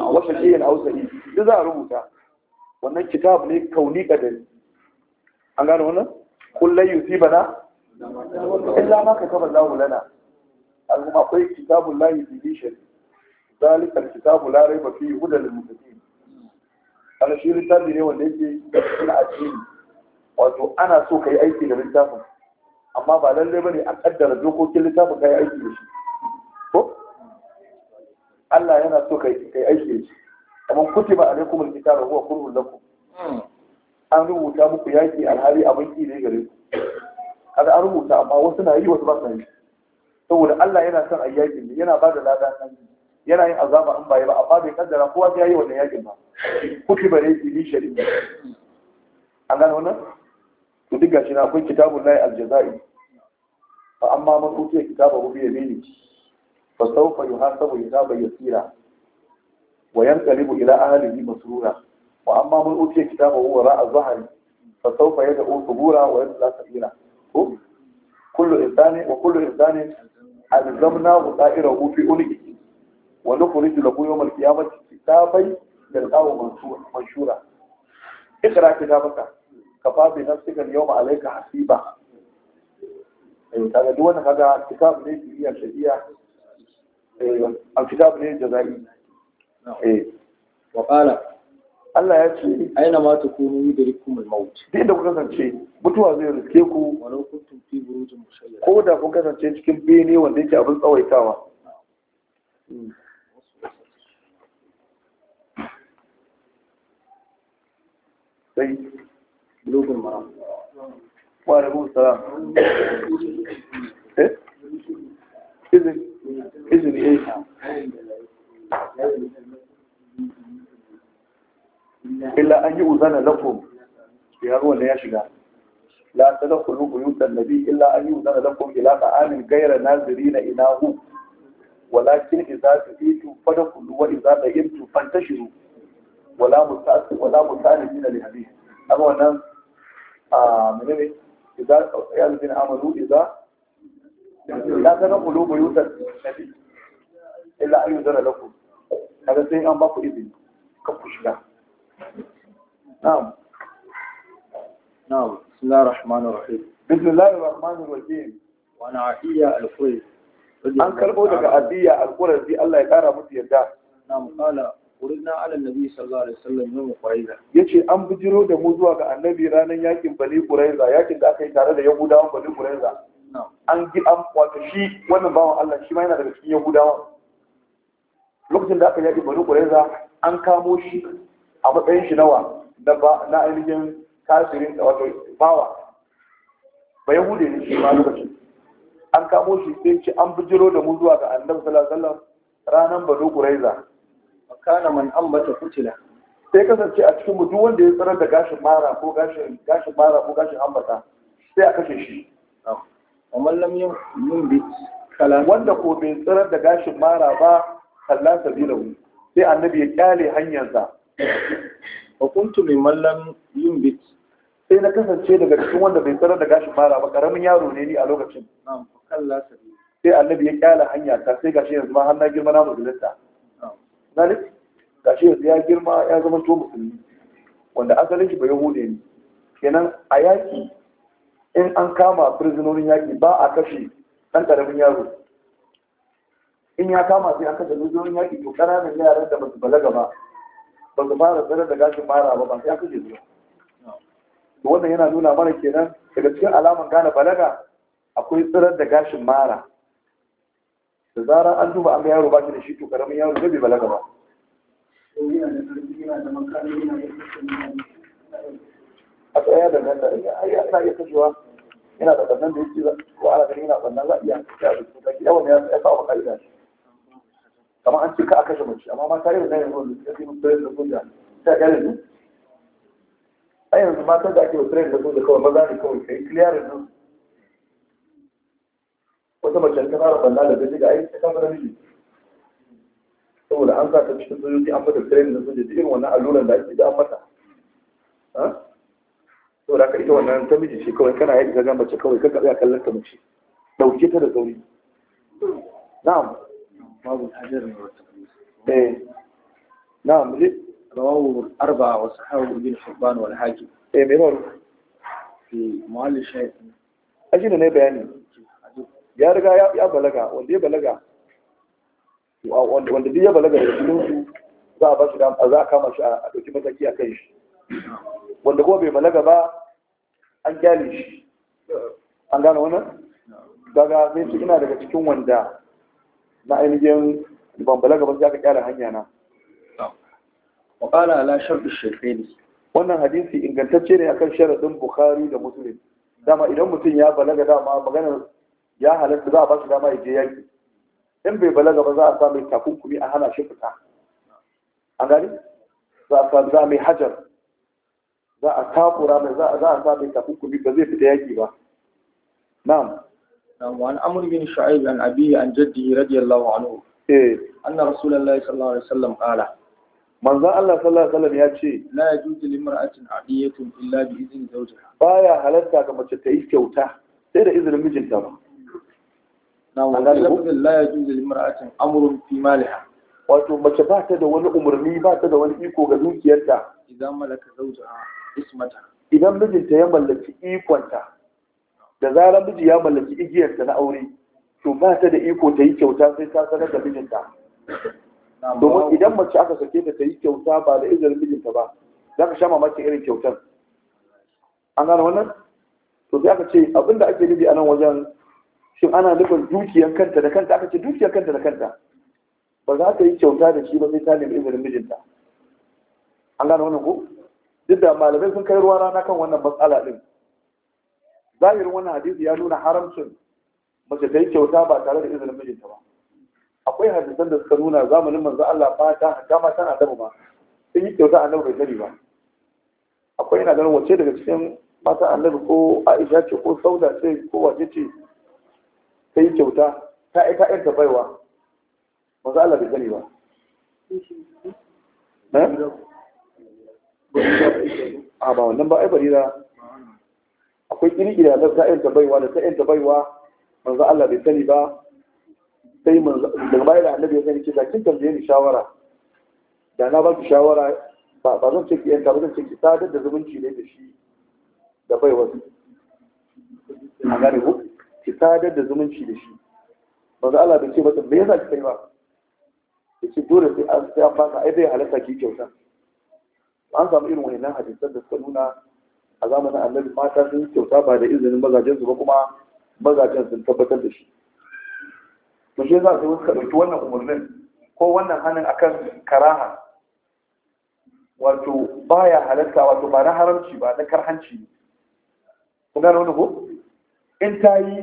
wa shaqiyin aw sa'id duk za a rubuta wannan kitab ne kauni kadari an gano wannan kullai yusibana illa ma ka kaba lana kitabu kana shi littafi ne wanda yake suna cikin wato ana so ka yi aiki da littafin amma ba lallai bane a kaddara dokokin littafin ka yi aiki da shi ko Allah yana so ka yi aiki da shi amma kutiba alaikum alkitabu huwa kullu lakum hmm. an rubuta muku yaki alhali abin ki ne gare ku Kada an rubuta amma wasu na yi wasu ba su yi saboda Allah yana son ayyakin ne yana ba da ladan sanin yana yin azaba in bai ba a fadin kaddara kowa ya yi wannan yakin ba kuki bare ki ni shari an gano nan? to duk gashi na akwai kitabun lahi aljazai fa amma man utiya kitabahu bi yamini fa sawfa yuhasabu hisaban yasira wa yanqalibu ila ahlihi masrura wa amma man utiya kitabahu wara'a zahri fa sawfa yad'u subura wa yasla sabila kullu insani wa kullu insani alzamnahu da'irahu fi unqi wani kuriji da goyon mulki ya mace bai da alƙawo manshura ikra kitabaka ka fa bi nafsika al-yawma alayka hasiba eh kaga duk wannan kaga kitab ne biya shari'a eh al-kitab ne jazai eh wa Waƙala, Allah ya ce aina ma ta kunu yudrikum al-maut duk inda kuka kasance mutuwa zai riske ku walau kuntum fi burujin mushayyada ko da kun kasance cikin bene wanda yake abin tsawaitawa sai blogin mara kwarar musara eh izin izin eh illa an yi uzana lakon yaro da ya shiga la ta da kulu buyutan nabi illa an yi uzana lakon ila ta amin gaira naziri na ina hu walakin iza su fito fada kulu da yin tufan ta shiru ولا متأثر ولا متأثرين لهذه أما أنهم من إذا يا الذين آمنوا إذا لا تنقلوا قلوب يوسف النبي إلا أن يذر لكم هذا سيء أن بقوا إذن كفشك نعم نعم بسم الله الرحمن الرحيم بسم الله الرحمن الرحيم وانا عهية الخير أنكر بودك عهية الخير الذي الله يتارى مدي الدار نعم قال uridna ala annabi sallallahu alaihi wasallam yawm quraiza yace an bijiro da mu zuwa ga annabi ranar yakin bani quraiza yakin da aka yi tare da yahudawan bani quraiza an gi an kwata shi wannan bawan Allah shi ma yana daga cikin yahudawa lokacin da aka yaki bani quraiza an kamo shi a matsayin shi nawa na ba na ainihin kasirin wato bawa ba yahude ne shi ma lokacin an kamo shi sai ce an bijiro da mu zuwa ga annabi sallallahu alaihi wasallam ranar bani quraiza kana man ambata kutila sai kasance a cikin duk wanda ya tsarar da gashin mara ko gashin gashin mara ko gashin ambata sai a kashe shi amma lam yun bi wanda ko bai tsarar da gashin mara ba kalla sabilahu sai annabi ya kyale hanyarsa wa kuntu mimman mallam yin bi sai na kasance daga cikin wanda bai tsarar da gashin mara ba karamin yaro ne ni a lokacin na'am kalla sabilahu sai annabi ya kyale hanyarsa sai gashi yanzu ma har na girma na musulunta ga shi yanzu ya girma ya zama to musulmi wanda asalin shi ba yahude ne kenan a yaki in an kama prisonerin yaki ba a kashe ɗan ƙaramin yaro in ya kama sai an kashe prisonerin yaki to ƙananan yaran da ba su balaga ba ba su fara tsare da gashin mara ba ba sai an kashe su to wannan yana nuna mana kenan daga cikin alaman gane balaga akwai tsirar da gashin mara da zara an duba an ga yaro ba shi da shi to karamin yaro zai bai balaga ba a tsaya da nan da ya ana iya kashewa yana da ɓannan da yake ko ana ganin yana ɓannan za a iya kashe a cikin zaki yawan ya tsaya kawo ka'ida shi kamar an ce ka a kashe mace amma mata yau na yanzu da suke yin tsayin da soja ta ƙyale ne a yanzu matan da ake wa tsayin da soja kawai maza ne kawai kai kiliyarin nan wata mace ta fara balla da gaji ga aiki ta fara miji saboda an sa ta cikin sojoji an mata training da sojoji irin wannan alluran da ake da an mata saboda haka ita wannan ta miji shi kawai kana yadda ka gan mace kawai kaka tsaya kallon ta mace dauke ta da sauri na'am babu hajar eh na'am ne eh. rawahu arba'a wa sahahu bin hibban wal hakim eh me ba في معلش هاي أجينا نبياني ya riga ya balaga wanda ya balaga wanda duk ya balaga da cikin su za a ba shi za a kama shi a ɗauki mataki a kan shi wanda kuma bai balaga ba an gyale shi an gane wannan daga sai su ina daga cikin wanda na ainihin ban balaga ba za ka gyara hanya na وقال على شرط الشيخين wannan hadisi ingantacce ne akan sharadin bukhari da muslim dama idan mutum ya balaga dama maganar ya halatta za a basu dama ya je yaƙi in bai balaga ba za a samu takunkumi a hana shi fita a gani za a samu za mai hajar za a takura mai za a samu takunkumi ba zai fita yaƙi ba na'am wa an amur an abi an jaddi radiyallahu anhu eh anna rasulullahi sallallahu alaihi wasallam qala manzo Allah sallallahu alaihi ya ce la yajuzu li mar'atin adiyatun illa bi idzni zawjiha baya halarta ga mace ta yi kyauta sai da izinin mijinta ba na wannan lafazin la yajuzu limra'atin amrun fi maliha wato mace ba ta da wani umarni ba ta da wani iko ga dukiyarta idan malaka zawjaha ismata idan mijinta ya mallaki ikonta da zarar miji ya mallaki igiyarta na aure to ba ta da iko ta yi kyauta sai ta sanar da mijinta domin idan mace aka sake ta ta yi kyauta ba da izinin mijinta ba za ka sha mamaki irin kyautar an gane wannan to sai aka ce abinda ake nufi a nan wajen shin ana nufin dukiyar kanta da kanta aka ce dukiyar kanta da kanta ba za ta yi kyauta da shi ba sai ta nemi izinin mijinta an gane wannan ko duk da malamai sun kai ruwa rana kan wannan matsala din zahirin wannan hadisi ya nuna haramcin mace ta yi kyauta ba tare da izinin mijinta ba akwai hadisan da suka nuna zamanin manzo Allah ba ta ma tana da ba sun yi kyauta annabi bai sani ba akwai yana ganin wace daga cikin mata annabi ko Aisha ce ko Sauda ce ko wace ce ta yi kyauta ta aika ƴan ta baiwa ba za Allah bai gani ba eh? a ba wannan ba ai barira akwai kirkira da ta ƴan ta baiwa da ta ƴan ta baiwa manzo Allah bai sani ba sai manzo daga baya da annabi ya sani ce da kin tambaye ni shawara da na ba ki shawara ba zan ce ki ƴan ba zan ce ki sadar da zumunci ne da shi da baiwa a ku ki sadar da zumunci da shi ba za Allah bai ce mata me yasa ki kai ba ya ce dole sai an sai an fasa ai bai halatta ki kyauta an samu irin wayannan hadisan da suka nuna a zamanin annabi mata sun kyauta ba da izinin mazajensu ba kuma mazajen sun tabbatar da shi to shi yasa sai suka ɗauki wannan umarnin ko wannan hannun akan karaha wato baya halatta wato ba na haramci ba na karhanci ne. kun gane wani ko in ta yi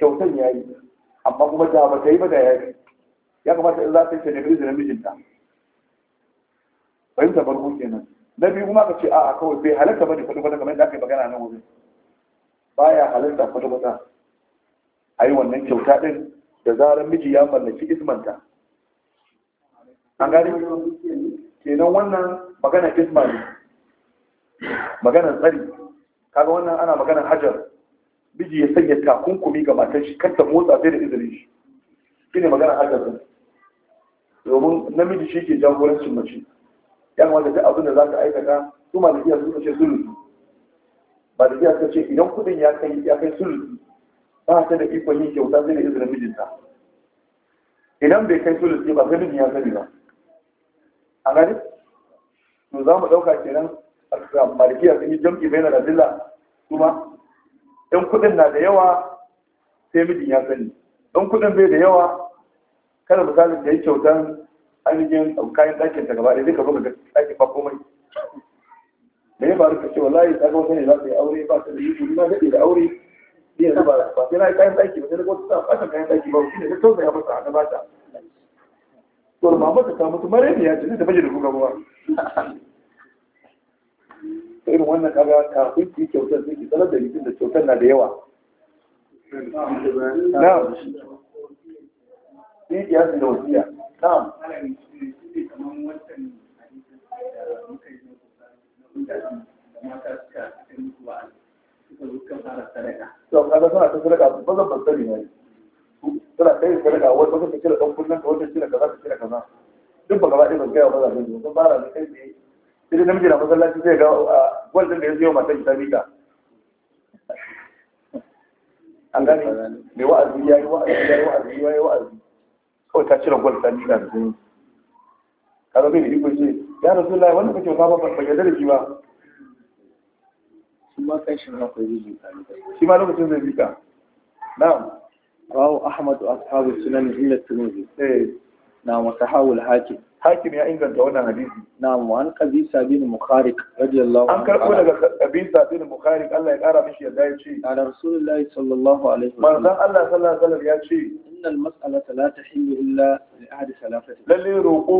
kyautan ya yi amma kuma da ba ta yi ba da ya yi ya kamata in za ta yi ta nemi izinin mijinta fahimta farko kenan na biyu kuma ka ce a'a kawai bai halatta ne kwata-kwata kamar yadda aka yi magana nan Ba baya halatta kwata-kwata a yi wannan kyauta ɗin da zarar miji ya mallaki ismanta an gani kenan wannan magana isma ne tsari kaga wannan ana maganar hajar miji ya sanya takunkumi ga matan shi kanta motsa sai da izinin shi shine magana zan domin namiji shi ke jagorancin mace ya kamata duk abin da za ka aikata su iya suka ce da iya suka ce idan kudin ya kai ya kai sulusu ba ta da ikon yin kyauta sai da izinin mijinta idan bai kai sulusu ba sai mijin ya sani ba a gani to za mu ɗauka kenan malikiya sun yi jam'i bai na radilla kuma in kuɗin na da yawa sai mijin ya sani in kuɗin bai da yawa kada misali da yi kyautan ainihin kayan ɗakin ta gaba ɗaya zai ka ga ɗakin ba komai da ya faru ka ce wallahi ta ga wani ne za ta yi aure ba ta da yi kuma daɗe da aure ni yanzu ba ba sai na yi kayan ɗaki ba sai na ga ta ɓata kayan ɗaki ba shi ne ta tausaya masa haka ba ta to mama ta ta mutu mare ne ya ce zai ta bajin da kuka ruwa irin wannan kaga kafin yi kyautar su ki sanar da mutum da kyautar na da yawa na'am ni ya da wasiya na'am to kaga suna ta sadaka ba zan ban sani ne suna kai sadaka wani wata ta kira ɗan kullun ka wata kira kaza ta kira kaza duk ba gaba ɗaya ban gaya ba za ka yi ba ba ra da kai ne sai namiji na masallaci zai ga gol din da ya siyo matan ta rika an gane mai wa'azi ya yi wa'azi ya yi wa'azi ya yi wa'azi kawai ta cire gwal ta mika da sun kaga bai da iko ce ya rasu lai wanda kake ba ba ba ya da shi ba shi ma kan shi ma kai zai rika shi ma lokacin zai rika na'am rawu ahmadu ashabu sunan illa tirmidhi eh na masahawul hakim hakim ya inganta wannan hadisi na'am wa an qabisa bin mukharik radiyallahu anhu an karbo daga qabisa bin mukharik Allah ya kara mishi yadda ya ce ala rasulullahi sallallahu alaihi wa sallam manzon Allah sallallahu alaihi wa sallam ya ce innal mas'alata la tahillu illa li ahadi salafati lalle roƙo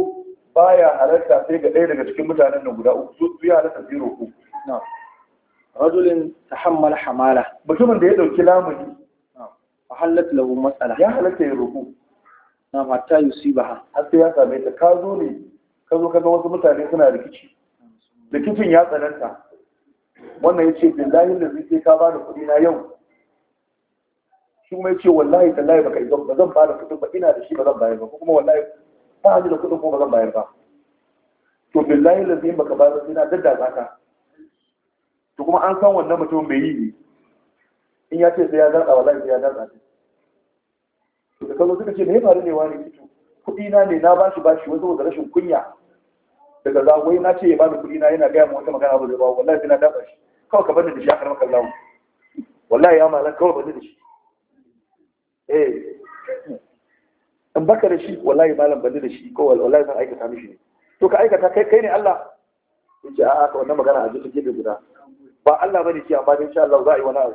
baya halarta sai ga ɗaya daga cikin mutanen nan guda uku su ya halarta sai roƙo na'am rajulin tahammala hamala mutumin da ya dauki lamuni a halatta lahu mas'ala ya halatta ya roƙo na mata ba har sai ya same ta ka zo ne ka zo ka ga wasu mutane suna rikici rikicin ya tsananta wannan ya ce billahi da zai ka ba da kuɗi na yau shi kuma ya ce wallahi layi baka izon ba zan ba da kuɗin ba ina da shi ba zan bayar ba kuma wallahi ba ni da kuɗin ko ba zan bayar ba to billahi da zai baka bayar ba sai na daddatsa zaka to kuma an san wannan mutum bai yi ne in ya ce sai ya zarta wallahi sai ya zarta da kazo suka ce mai faru ne wani fito kuɗi na ne na bashi bashi wani saboda rashin kunya daga zagoyi na ce ya bani kuɗi na yana gaya mu wata magana ba da ba wallahi sai na dafa shi kawai ka bani da shi a karɓar kallon wallahi ya malan kawai bani da shi eh in baka da shi wallahi malam bani da shi kawai wallahi zan aikata mishi ne to ka aikata kai kai ne Allah ce a'a ka wannan magana a ji take da guda ba Allah bane ce amma insha Allah za a yi wani abu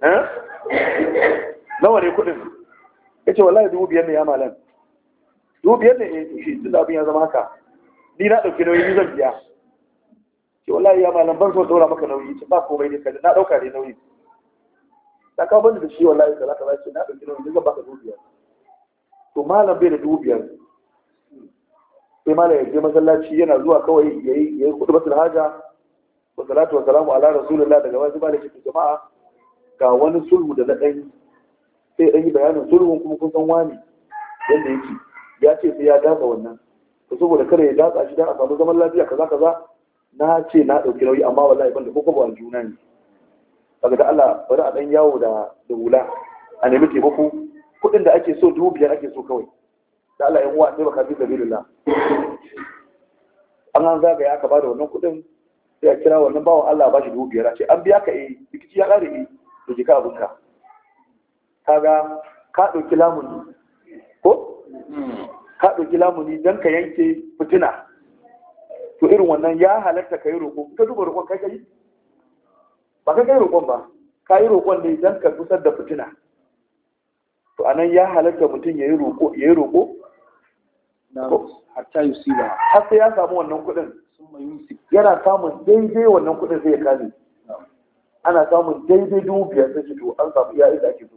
eh nawa ne kuɗin ya ce wallahi dubu biyar ne ya malam dubu biyar ne eh, shi tun abin ya zama haka ni na ɗauki nauyi ni zan biya ce wallahi ya malam ban so daura maka nauyi ce ba komai ne kaji na ɗauka ne nauyi ta kawo bani da shi wallahi kaza kaza ce na ɗauki nauyi ni zan baka dubu biyar to malam bai da dubu biyar sai malam ya je masallaci yana zuwa kawai ya yi kudu masu haja wa salatu wa salamu ala rasulillah, daga wasu malam ke jama'a ga wani sulhu da na ɗan sai an yi bayanin sulhun kuma kun san wani yadda yake ya ce sai ya datsa wannan to saboda kare ya datsa shi dan a samu zaman lafiya kaza kaza na ce na ɗauki nauyi amma wallahi ban da ko ba aljuna ne daga da Allah bari a dan yawo da da hula a nemi taimako Kudin da ake so dubu biyar ake so kawai da Allah yan uwa sai baka bi sabilillah an an ya aka bada wannan kuɗin sai a kira wannan bawan Allah ba shi dubu biyar a ce an biya ka eh rikici ya kare eh to je ka abunka kaga ka ɗauki lamuni ko hmm. ka ɗauki lamuni don ka yanke fitina to irin wannan ya halatta ka yi roƙo ka duba roƙon kai yi, ba ka kai roƙon ba ka yi roƙon ne don ka kusar da fitina to anan ya halatta mutum ya yi roƙo ya yi roƙo har sai ya samu wannan kuɗin yana samun daidai wannan kuɗin sai ya kame ana samun daidai dubu biyar sai to an samu ya isa ake so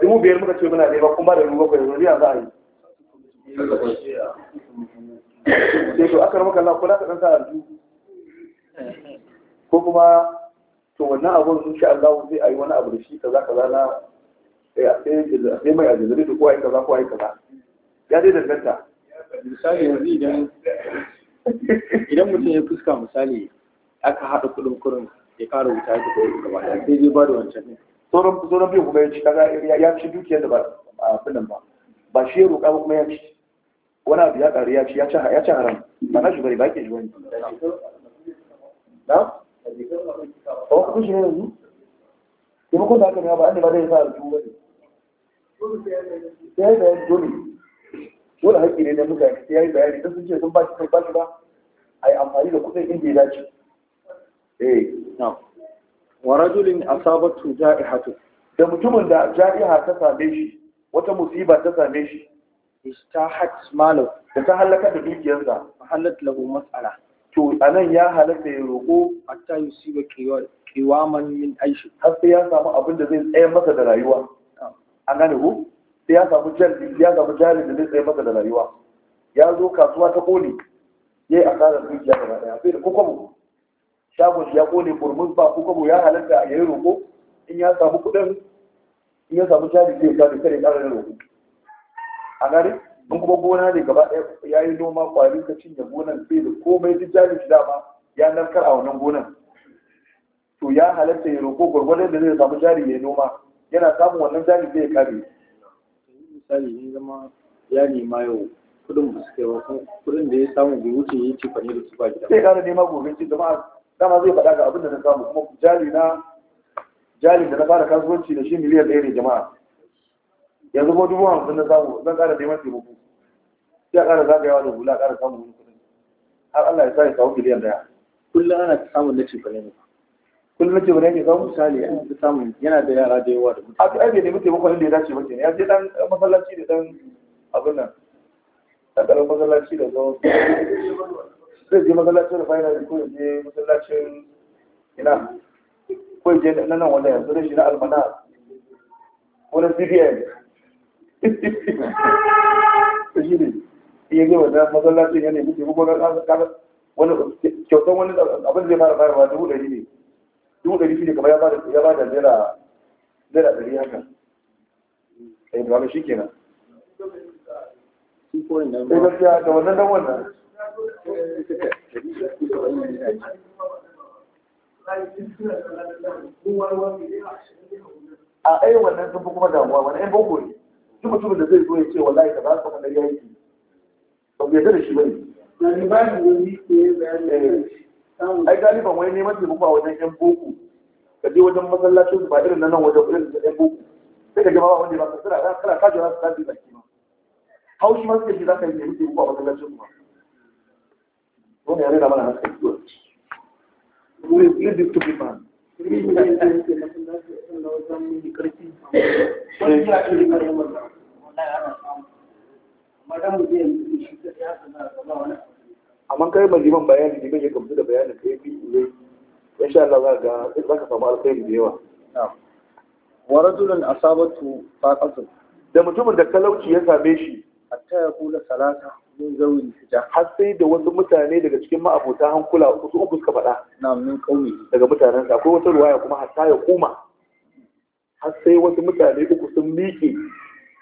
dubu biyar muka ce muna nema kuma da dubu bakwai yanzu za a yi sai to aka ramuka lafi kula ta ka dan sa aljihu ko kuma to wannan abun sun insha Allah zai ayi wani abu da shi kaza kaza na eh, sai mai ajizari da ko yi kaza ko ayi kaza ya dai danganta misali yanzu idan idan mutum ya fuska misali aka haɗa kuɗin kurin ya ƙara wuta da kuɗin gaba sai dai ba da wancan ne sauran biyu kuma ya ci kaza ya ci dukiyar da ba abin ba ba shi ya roƙa kuma ya ci wani abu ya ƙari ya ci ya ci haram ba na shi bari ba ke ji wani na? ba ne yanzu? da ba an ba zai sa ya yi bayani dole dole haƙƙi ne na mutane ya yi bayani don sun ce sun ba shi ba a yi amfani da kuɗin inda ya dace eh warajulin asabatu ja'ihatu da mutumin da ja'iha ta same shi wata musiba ta same shi istahat malu da ta halaka da dukiyarsa halat lahu mas'ala to anan ya halaka ya roko hatta yusiba kiwaman min aishi har sai ya samu abin da zai tsaya masa da rayuwa an gane ku sai ya samu jari ya samu jari da zai tsaye masa da rayuwa ya zo kasuwa ta koli yayi asarar dukiya gaba daya sai da kokomo shagon ya kone burmus ba ko kuma ya halatta ya yi roƙo in ya samu kudin in ya samu jari zai gado kare ƙara da roƙo a gari in kuma gona ne gaba ɗaya ya yi noma kwari ka cinye gonan sai da komai duk jari shi dama ya narkar a wannan gonan to ya halatta ya roƙo gwargwadon da zai samu jari ya yi noma yana samun wannan jari zai kare misali ne zama ya nema yau kudin ba su kai ba kudin da ya samu bai wuce ya ce fane da su ba gida sai ƙara nema gobe ce jama'a dama zai faɗa ga abin da na samu kuma jali na jali da na fara kasuwanci da shi miliyan ɗaya ne jama'a yanzu ko dubu hamsin na samu zan ƙara neman taimako sai a ƙara zagayawa da hula a ƙara samun wani kuɗin har Allah ya sa ya samu miliyan ɗaya kullum ana samun lacin fa ne kullum lacin fa ne samu misali an fi samun yana da yara da yawa da mutum a ai bai nemi taimakon da ya dace ba ke ya je dan masallaci da dan abin nan dan masallaci da zuwa zai je masallacin da bayan ko je masallacin ina ko je na nan wanda yanzu da shi na almana ko na cbn (laughs) shi ne iya gaba da masallacin yana yi kuma kuma wani kyautan wani abin zai fara bayarwa dubu ɗari ne dubu ɗari shi ne kamar ya ba da ya ba da naira naira ɗari haka ɗaya eh, ba shi kenan sai eh, gaskiya da wannan dan wannan a ai eh, wannan sun fi kuma damuwa wani ɗan boko ne duk mutumin da zai zo ya ce wallahi ka za su kuma ya yi ba ku yarda da shi ba ne eh, ai galiban wani neman taimako a wajen yan boko ka je wajen masallacin ba irin nan wajen irin da yan boko sai ka gaba wanda ba ka sira kana kaji za su tafi baki ma haushi ma suke shi za ka yi taimako a masallacin ba wani ya rera mana zuwa amma kai ma liman bayani ne ya gamsu da bayanin kai bi ne sha Allah za za ka samu alkhairi da yawa wa rajulun asabatu faqatu da mutumin da talauci ya same shi hatta ya kula salata min zauri fita har sai da wasu mutane daga cikin ma'abota hankula uku uku suka faɗa na min kauni daga mutanen sa akwai wata ruwaya kuma hatta ya kuma har sai wasu mutane uku sun miƙe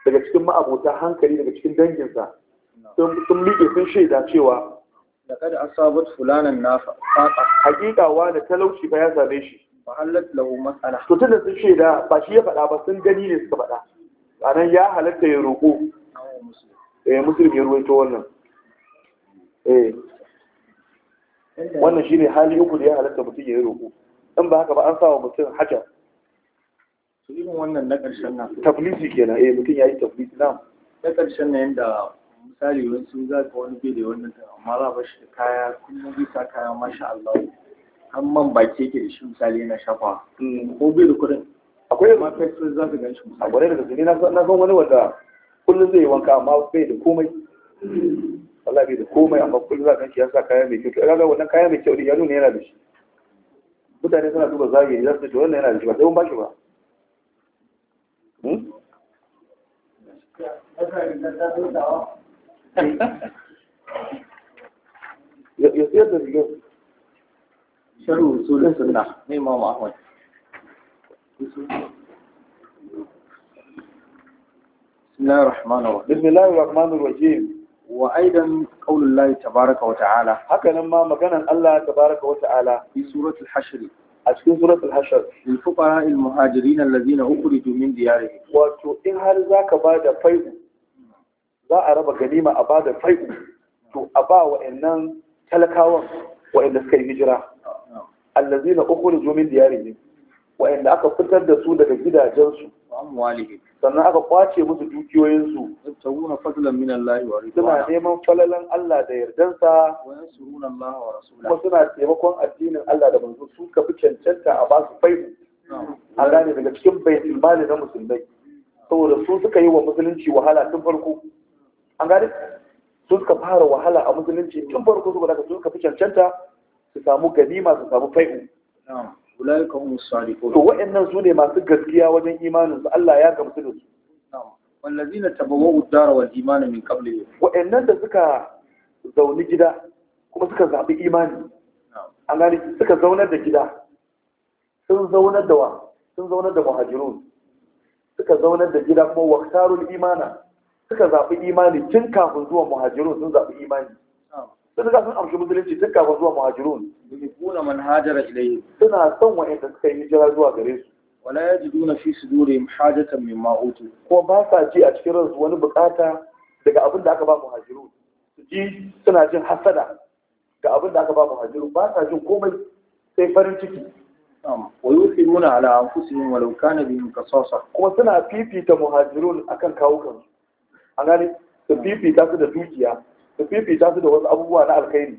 daga cikin ma'abota hankali daga cikin danginsa sun miƙe sun shaida cewa laqad asabat fulanan nafa faqa haqiqa wa da talauci fa ya same shi fa halat lahu mas'ala to tunda sun shaida ba shi ya faɗa ba sun gani ne suka faɗa anan ya halatta ya roƙo eh Musulmi ya ruwaito wannan eh wannan shine hali uku da ya halatta mutum ya yi roƙo in ba haka ba an sawa mutum haja su irin wannan na ƙarshen nan Tafilisi kenan eh mutum ya yi tafilisi, na na ƙarshen na yadda misali wasu za ka wani bai da wannan ta amma za ba shi da kaya kullum zai sa kaya masha Allah har man baki yake da shi misali yana shafa hmm. ko bai da kuɗin akwai ma fesfes za ka gan shi akwai da gaske na san wani wanda kullum zai yi wanka amma bai da komai Allah bai da komai amma kullum za ka shi ya sa kaya mai kyau kaga wannan kaya mai kyau din ya nuna yana da shi mutane suna duba zagaye za su ce wannan yana da shi ba sai mun ba shi ba hmm? ya siyar da rigar sharu usulun sunna ne imam ahmad بسم الله الرحمن الرحيم بسم الله الرحمن الرحيم وأيضا قول الله تبارك وتعالى هكذا ما مكان الله تبارك وتعالى في سورة الحشر أتكون سورة الحشر للفقراء المهاجرين الذين أخرجوا من ديارهم واتو إن هل ذاك بعد فيض za a raba ganima a ba da fai'u to a ba wa'annan talakawan wa'anda suka yi hijira allazi na uku da jomin diyari ne wa'anda aka fitar da su daga gidajensu sannan aka kwace musu dukiyoyinsu yabtaguna fadlan min Allah wa ridwana suna neman falalan Allah da yardansa wa yansuruna Allah wa rasulahu kuma suna taimakon addinin Allah da manzo su ka fi cancanta a basu faihu a gane daga cikin baitul mali na musulmai saboda su suka yi wa musulunci wahala tun farko an gane su suka fara wahala a musulunci tun farko saboda su suka fi cancanta su samu ganima su samu faihu ulaika hum sadiqun to wa'annan su ne masu gaskiya wajen imanin su Allah ya gamsu da su wallazina tabawwa'u ad-dar wal iman min qablihim wa'annan da suka zauni gida kuma suka zabi imani an gani suka zaunar da gida sun zaunar da wa sun zaunar da muhajirun suka zaunar da gida kuma waqtarul imana suka zabi imani tun kafin zuwa muhajirun sun zabi imani sun ga sun amshi musulunci tun kafin zuwa muhajirun yuhibbuna man hajara ilayhi suna son da suka yi hijira zuwa gare su wala yajiduna fi sudurihim hajatan mimma utu ko ba sa ji a cikin ransu wani bukata daga abin da aka ba muhajirun su ji suna jin hasada ga abin da aka ba muhajirun ba sa jin komai sai farin ciki wa yuthiruna ala anfusihim walau kana bihim qasasa kuma suna fifita muhajirun akan kawukan, kansu an gane su fifita su da dukiya su fifita su da wasu abubuwa na alkhairi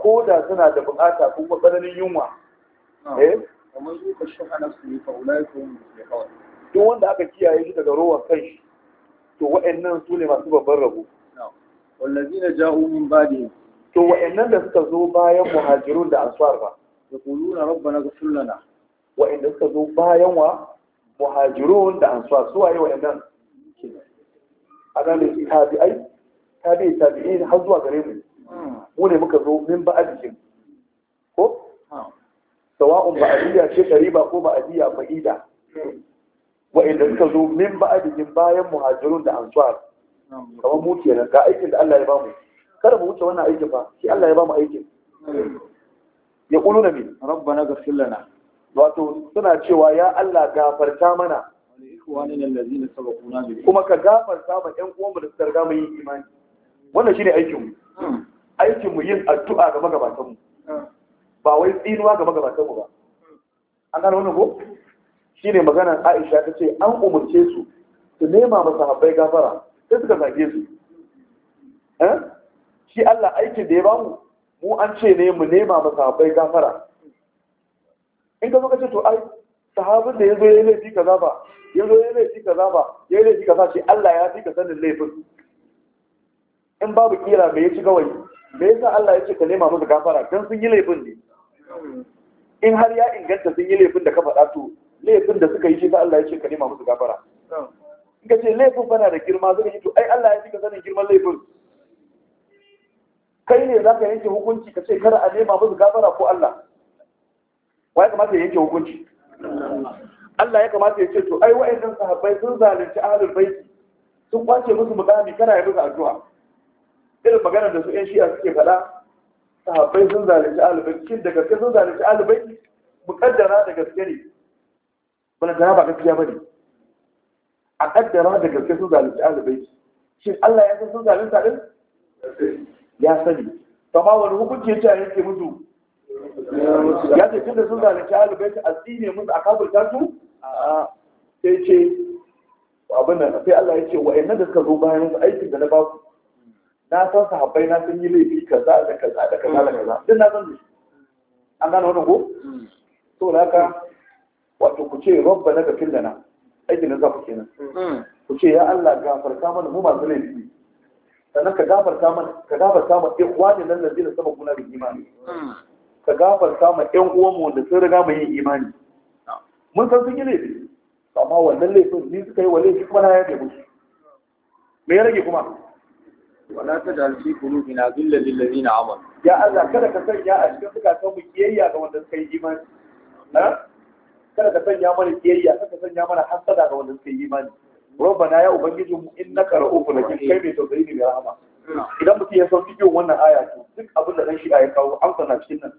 ko da suna da bukata kuma tsananin yunwa eh kamar yuka shuha nafsi fa ulai kum kawai. duk wanda aka kiyaye shi daga rowan kai to wa'annan su ne masu babban rabo wallazina ja'u min ba'di to wa'annan da suka zo bayan muhajirun da ansar ba yaquluna rabbana ighfir lana wa'anda suka zo bayan wa muhajirun da ansar su waye wa'annan a ganin tabi'ai tabi ne har zuwa gare mu mu ne muka zo min ba'adikin ko sawa'un ba'adiyya ce qariba ko ba'adiyya fa'ida idan suka zo min ba'adikin bayan muhajirun da ansar kamar mu kenan ga aikin da Allah ya bamu kada mu wuce wannan aikin ba, shi Allah ya bamu aikin ya qulu nabi rabbana ghfir lana wato suna cewa ya Allah gafarta mana kuma ka gafarta ma ƴan uwanmu da suka riga mu yi imani wannan shine aikinmu aikinmu yin addu'a ga magabatanmu ba wai tsinuwa ga magabatanmu ba an gane wannan ko shine maganar Aisha ta ce an umarce su su nema masa habbai gafara sai suka zage su eh? shi Allah aikin da ya bamu mu an ce ne mu nema masa habbai gafara in ka zaka ce to ai sahabin da ya zo ya yi laifi kaza ba ya zo ya yi laifi kaza ba ya yi laifi kaza ce Allah ya fi ka sanin laifin in babu kira me ya ci gawayi me yasa Allah ya ce ka nema musu gafara Don sun yi laifin ne in har ya inganta sun yi laifin da ka faɗa to laifin da suka yi shi Allah ya ce ka nema musu gafara in ka ce laifin bana da girma zai yi to ai Allah ya fi ka sanin girman laifin kai ne za ka yanke hukunci ka ce kar a nema musu gafara ko Allah wa ya kamata ya yanke hukunci Allah ya kamata ya ce to ai wa'annan sahabbai sun zalunci ahlul baiti sun kwace musu mukami kana yi musu addu'a irin magana da su yan shi'a suke faɗa sahabbai sun zalunci alibai shin da gaske sun zalunci alibai kaddara da gaske ne balantana ba gaskiya ba ne a kaddara da gaske sun zalunci alibai shin Allah ya san sun zalunta din ya sani kama wani hukunci ya ce a yanke musu ya ce tun da sun zalunci alibai a tsine musu a kafurta su sai ce abin nan sai Allah ya ce wa'annan da suka zo bayan aikin da na ba ku na san sahabbai na sun yi laifi kaza da kaza da kaza da kaza duk na san an gane wani ko to da haka wato ku ce rabba na ka lana aikin da za ku kenan hmm. ku ce ya Allah gafarta mana mu masu laifi sannan ka gafarta mana ka gafarta mana ɗan uwa ne nan da zai sama kuna da imani hmm. ka gafarta mana ɗan uwan mu wanda sun riga mu yin imani mun san sun yi laifi amma wannan laifin ni suka yi wa laifi kuma na yaɗe musu me ya rage kuma wala ta da fi na ghillan lil ladina amanu ya Allah kada ka sanya a cikin zukatan mu kiyayya ga wanda suka yi imani kada ka sanya mana kiyayya kada ka sanya mana hasada ga wanda suka yi imani rabbana ya ubangiji mu innaka ra'ufun rahim kai mai tausayi ne mai rahama idan mutum ya sauki cikin wannan aya to duk abin da dan shi ya kawo amsa na cikin nan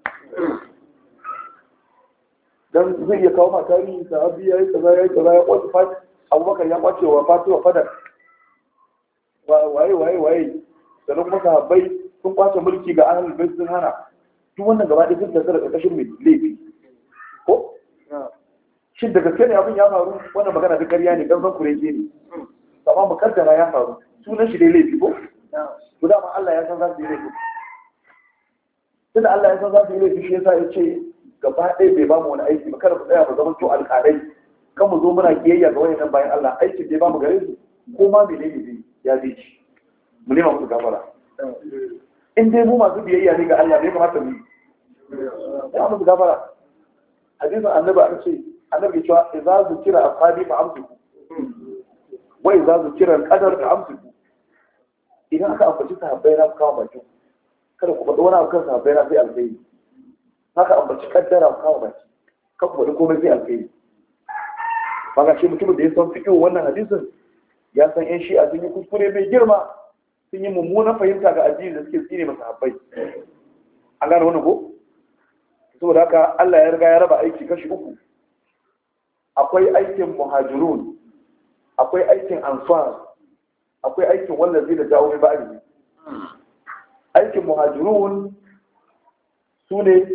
dan zai iya kawo ma tarihi sahabi yayi kaza yayi kaza ya kwace fati abubakar ya kwace wa fati wa fadar waye waye waye sannan kuma bai sun kwace mulki ga ahlul bait sun hana duk wannan gaba ɗaya sun tattara ƙarƙashin mai laifi ko shin da gaske ne abin ya faru wannan magana da ƙarya ne gangan kurege ne amma mu kaddara ya faru sunan shi dai laifi ko to dama Allah ya san za su yi laifi tunda Allah ya san za su yi laifi shi yasa ya ce gaba ɗaya bai ba mu wani aiki ba kada mu tsaya mu zama to alƙalai kan mu zo muna kiyayya ga wayannan bayan Allah aikin dai ba mu gare su ko ma menene ne ya ji shi mu nema musu gafara in dai mu masu biyayya ne ga Allah ne kamata mu ya mu gafara hadisin annabi an ce annabi cewa idza zukira afadi fa amsiku wa idza zukira alqadar fa amsiku idan aka ambaci sahabbai na kawo baki kada ku bada wani abu kan sahabbai na sai alkhairi haka ambaci kaddara ku kawo baki kan ku faɗi komai sai alkhairi ba ga shi mutumin da ya san fiƙin wannan hadisin ya san yan shi sun yi kuskure mai girma sun yi mummunan fahimta ga addini da suke tsine masa habbai an gane wani ko saboda haka Allah ya riga ya raba aiki kashi uku akwai aikin muhajirun akwai aikin ansar akwai aikin zai da jawo ba'ali aikin muhajirun su ne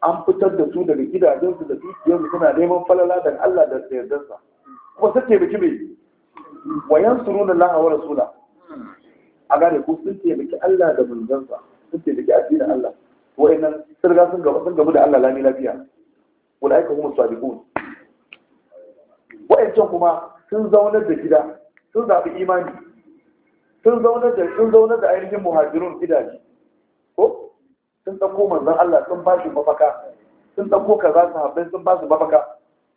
an fitar da su daga gidajensu da dukiyarsu suna neman falala daga Allah da yardarsa kuma ke biki mai wa yansuruna Allah wa rasula a gane ku sun ce ke Allah da manzansa sun ce taimaki addinin Allah wa'annan sun riga sun gaba sun gaba da Allah lami lafiya ulaika humus sadiqun can kuma sun zaunar da gida sun zaɓi imani sun zaunar da sun zaunar da ainihin muhajirun gidaje ko sun ɗauko manzon Allah sun ba shi mafaka sun za kaza sahabbai sun ba su mafaka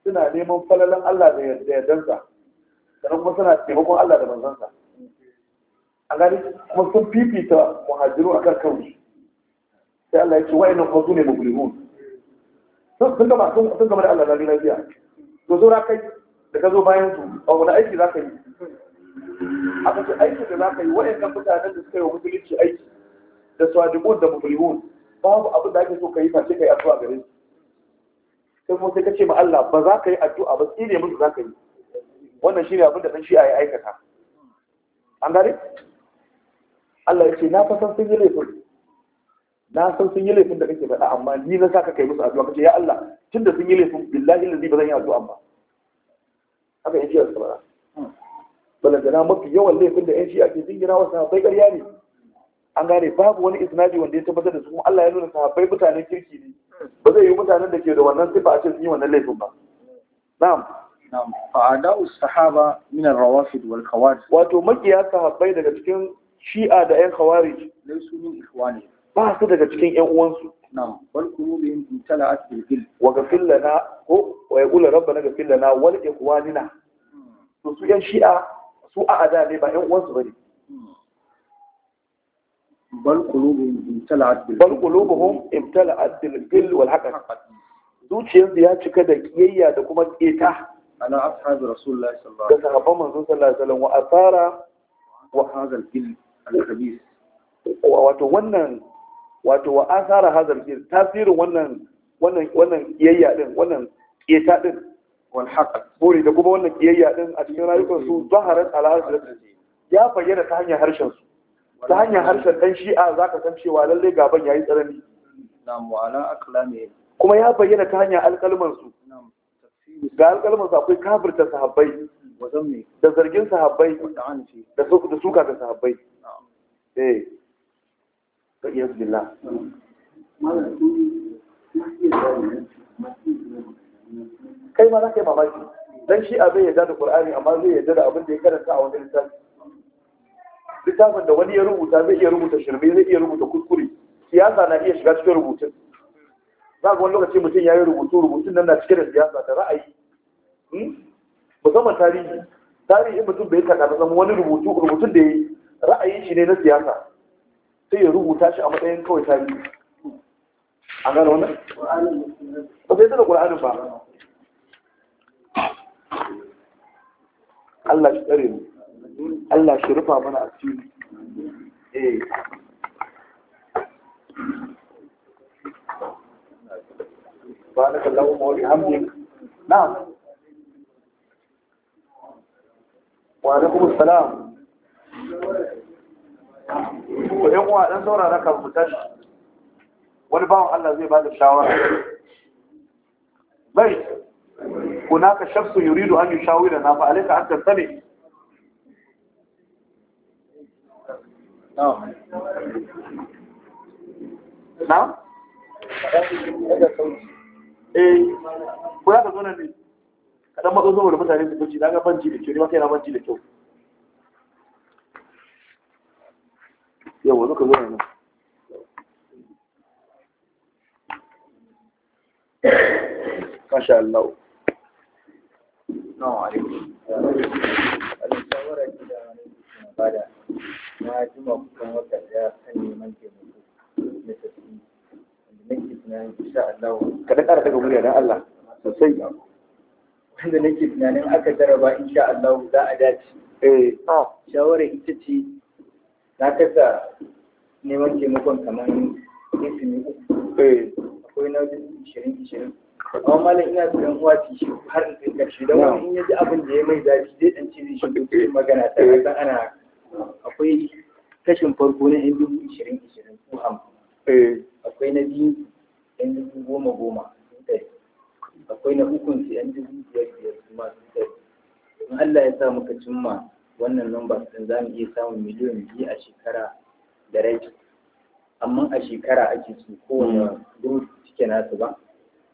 suna neman falalan Allah da yardansa sannan kuma suna taimakon Allah da manzansa a gani kuma sun fifita muhajiru a kan kawai sai Allah ya ce wa'annan kuma su ne mublihun sun gama sun gama da Allah lalai lafiya to zo kai da ka zo bayan su a wani aiki za ka yi A kasu aiki da za ka yi wa'annan mutanen da suka yi wa musulunci aiki da swadikun da mublihun babu abin da ake so ka yi face kai a zuwa gare su sai kuma sai ka ce ma Allah ba za ka yi addu'a ba tsire musu za ka yi wannan shi ne abin da ɗan shi'a ya aikata an gane Allah ya ce na fasan sun yi laifin na san sun yi laifin da kake faɗa amma ni na saka kai musu addu'a kace ya Allah tun da sun yi laifin billahi lazi ba zan yi addu'a ba haka yace Allah subhanahu balantana mafi yawan laifin da yan shi'a ke jingina wa sahabbai ƙarya ne an gane babu wani isnadi wanda ya tabbatar da su kuma Allah ya nuna sahabbai mutanen kirki ne ba zai yi mutanen da ke da wannan sifa a ce sun yi wannan laifin ba na'am fa'adau sahaba min ar-rawafid wal khawarij wato makiya sahabbai daga cikin shi'a da yan khawarij laysu min ikhwani ba su daga cikin yan uwansu na'am wal in imtala'at bil fil. wa ghfir lana ko wa yaqulu rabbana ghfir lana wal ikhwanina to su yan shi'a su a'ada ne ba yan uwansu bane bal qulubuhum imtala'at bil bal qulubuhum imtala'at bil gil wal haqq zuciyarsu ya cika da kiyayya da kuma keta ala ashabi rasulullahi sallallahu alaihi wasallam da sahabban manzon sallallahu alaihi wasallam wa al-ilm tasirin wannan wannan wannan kiyayya da kuma wannan kiyayya din a cikin rayukan su ya fayyada ta hanyar harshen su ta hanyar harshen dan shi'a zaka san cewa lalle gaban yayi tsarani na'am kuma ya bayyana ta hanyar ga alƙalmar su akwai kafirta sahabbai da zargin sahabbai da suka da sahabbai eh ta iya zilla kai ma za ka yi mamaki dan shi abin yadda da qur'ani amma zai yadda da abin da ya karanta a wani littafi littafin da wani ya rubuta zai iya rubuta shirme zai iya rubuta kuskure siyasa na iya shiga cikin rubutun za ga wani lokaci mutum ya yi rubutu rubutun nan na cike da siyasa da ra'ayi hmm? musamman tarihi tarihi in mutum bai kaɗa ba zama wani rubutu rubutun da ya yi ra'ayin shi ne na siyasa sai ya rubuta shi a matsayin kawai tarihi an gano wannan ba sai da ƙur'anin ba Allah shi tsare mu Allah shi rufa mana asiri eh سبحانك اللهم وبحمدك نعم وعليكم السلام ويوم وعلى زورة لك المتش ولي باو الله زي بعد الشاورة بيت هناك شخص يريد أن يشاورنا فعليك أن تنتني نعم نعم eh ko ya ka zo nan ne kaɗan matso saboda mutane su kauce na ga da kyau ne maka yana banji da kyau yawa zo ka zo nan masha Allah Bada. Na wata ya kan neman taimako. Mr. nake tunanin insha Allah ka da ƙara daga murya dan Allah sosai wanda nake tunanin aka jaraba insha Allah za a dace eh ah. shawara ita ce na kasa neman taimakon kamar ismi uku eh akwai na wajen ishirin ishirin amma malam ina tsoron uwa ci shi har in kai karshe don wani in ya abin da ya mai zafi zai ɗan ci shi duk magana ta san ana akwai kashin farko na yan dubu ishirin ishirin ko hamsin Eh. akwai na biyu yan dubu goma goma akwai na ukun su yan dubu biyar biyar su ma sun in Allah ya sa muka cimma wannan lamba sun za mu iya samun miliyan biyu a shekara da rai amma a shekara ake su kowane hmm. group cike nasu ba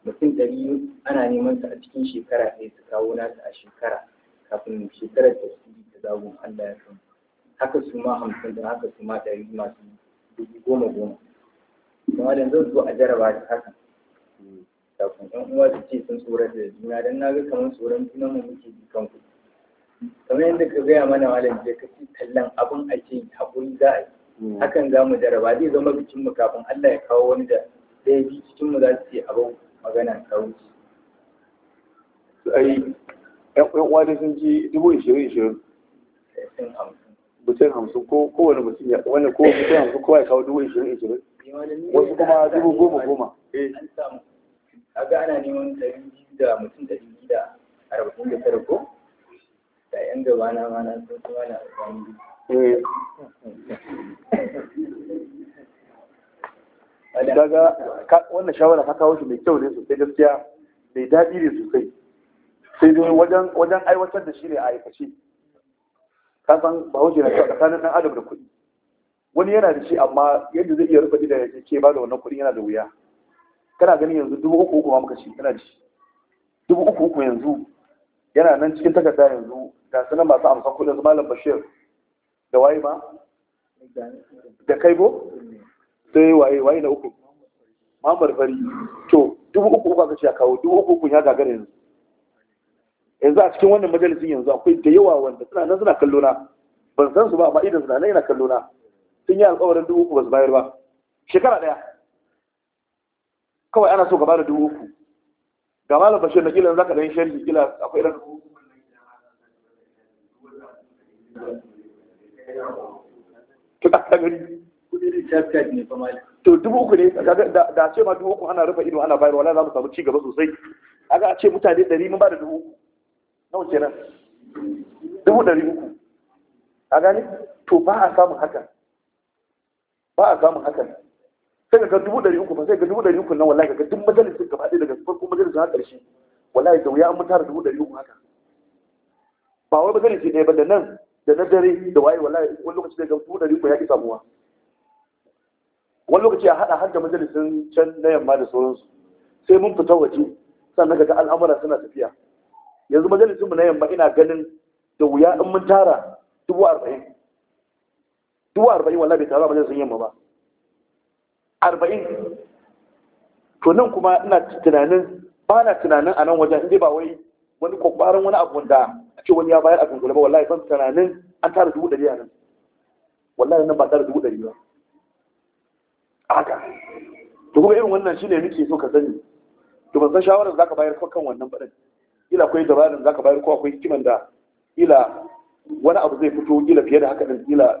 mutum ɗari ana neman su a cikin shekara ɗaya su kawo nasu a shekara kafin shekarar ta su ta zagon Allah ya sa haka su ma hamsin da haka su ma ɗari masu dubu goma goma kuma zai zo a jaraba ta haka kafin ɗan uwa su ce sun tsoron da juna don na ga kamar tsoron juna mu muke ji kan ku kamar yadda ka gaya mana malam je ka ci tallan abin ce haƙuri za a yi mm. hakan za mu jaraba zai zama bikin mu kafin Allah ya kawo wani da zai bi cikin mu za su ce abin magana ta wuce. ai yan uwa da sun ji dubu ishirin ishirin mutum hamsin ko kowane mutum ya wani ko mutum hamsin kowa ya kawo dubu ishirin ishirin wasu kuma dubu goma goma eh. gana ana wani ɗari da mutum ɗari da arba'in da tara ko da yan gaba na ma na sun kuma na arba'in daga eh. wannan shawara ka kawo shi mai kyau ne sosai gaskiya mai daɗi ne sosai sai dai wajen aiwatar da shi ne a aikace ka san bahaushe na cewa tsakanin ɗan adam da kuɗi wani yana da shi amma yadda zai iya rufe da ya ce ba da wannan kuɗin yana da wuya kana ganin yanzu dubu uku uku ma muka ci yana da shi dubu uku uku yanzu yana nan cikin takarda yanzu ga sanan masu amsa kuɗin su malam bashir da waye ma da kai bo sai waye waye na uku mamar fari to dubu uku uku aka ce a kawo dubu uku uku ya gagara yanzu yanzu a cikin wannan majalisin yanzu akwai da yawa wanda suna nan suna kallo na ban san su ba amma idan suna nan yana kallo na sun yi alƙawarin dubu uku ba su bayar ba shekara ɗaya kawai ana so gaba da dubu uku ga malam bashir na kila za ka ɗan sharhi kila akwai irin to dubu uku ne da ce ma dubu uku ana rufe ido ana bayar wala za mu samu ci gaba sosai aga a ce mutane ɗari mun ba da dubu uku nawa kenan dubu ɗari uku a gani to ba a samun haka ba a samun hakan sai ga dubu ɗari uku ba sai ga dubu ɗari uku nan wallahi ga duk majalisin gaba ɗaya daga farko majalisin har ƙarshe wallahi da wuya an da dubu ɗari uku haka ba wai majalisi ne ba da nan da na dare da waye wallahi wani lokaci daga dubu ɗari uku ya ƙi samuwa wani lokaci a haɗa har da majalisin can na yamma da sauransu sai mun fita waje sannan ka ga al'amura suna tafiya yanzu majalisinmu na yamma ina ganin da wuya in mun tara dubu arba'in duwa arba'in wallah bai taru ba zai sun yamma ba arba'in to nan kuma ina tunanin ba na tunanin a nan wajen inda ba wai wani kwakwaran wani abu da a ce wani ya bayar a dunkule ba wallahi ban tunanin an tara dubu ɗari a nan wallahi nan ba tara dubu ɗari ba haka to kuma irin wannan shine muke so ka sani to ban san shawarar zaka bayar ko kan wannan baɗin ila akwai dabarin zaka bayar ko akwai hikiman da ila wani abu zai fito ila fiye da haka din ila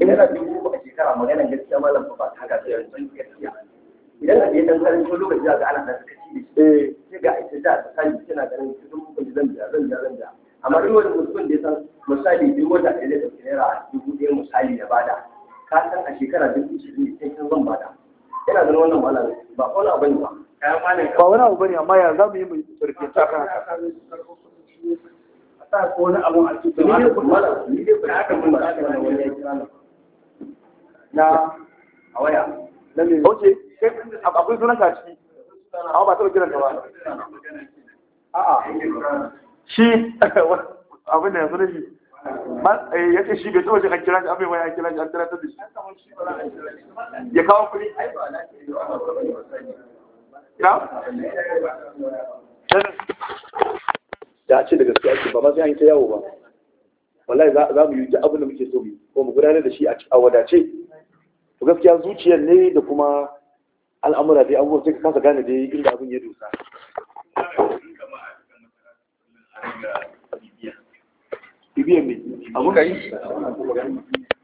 idan a dubu uku a shekara magana gaskiya malam ba ba ta haka sai yanzu gaskiya idan a je dan karin ko lokaci za ga ana da suka ci shi eh. sai ga ita da ta kai tana ganin dubu uku zan biya zan biya zan biya amma duk wani mutum da ya san misali duk wata da zai ɗauki naira dubu ɗaya misali ya bada ka san a shekara dubu ishirin sai kan zan bada yana ganin wannan malam ba wani abu ne ba ba wani abu bane amma ya za mu yi mu sarki ta kan haka a sa ko wani abu a cikin malam ni ne ba haka mun ba wani ya kira na a waya ok akwai sunan ka ciki amma ba taɓa kiran ka ba a'a shi (laughs) abin da ya sunan shi eh, ya ce shi bai taɓa shi an kira shi an bai waya an kira shi an kira ta da shi ya kawo kuɗi na? da ce daga gaske ake ba ma sai an yi ta yawo ba wallahi za mu yi abin da muke so mu ko mu gudanar da shi a wadace gaskiya zuciyar ne da kuma al'amura da abubuwan sai ka kasa gane dai inda abin ya doka bibiyan abin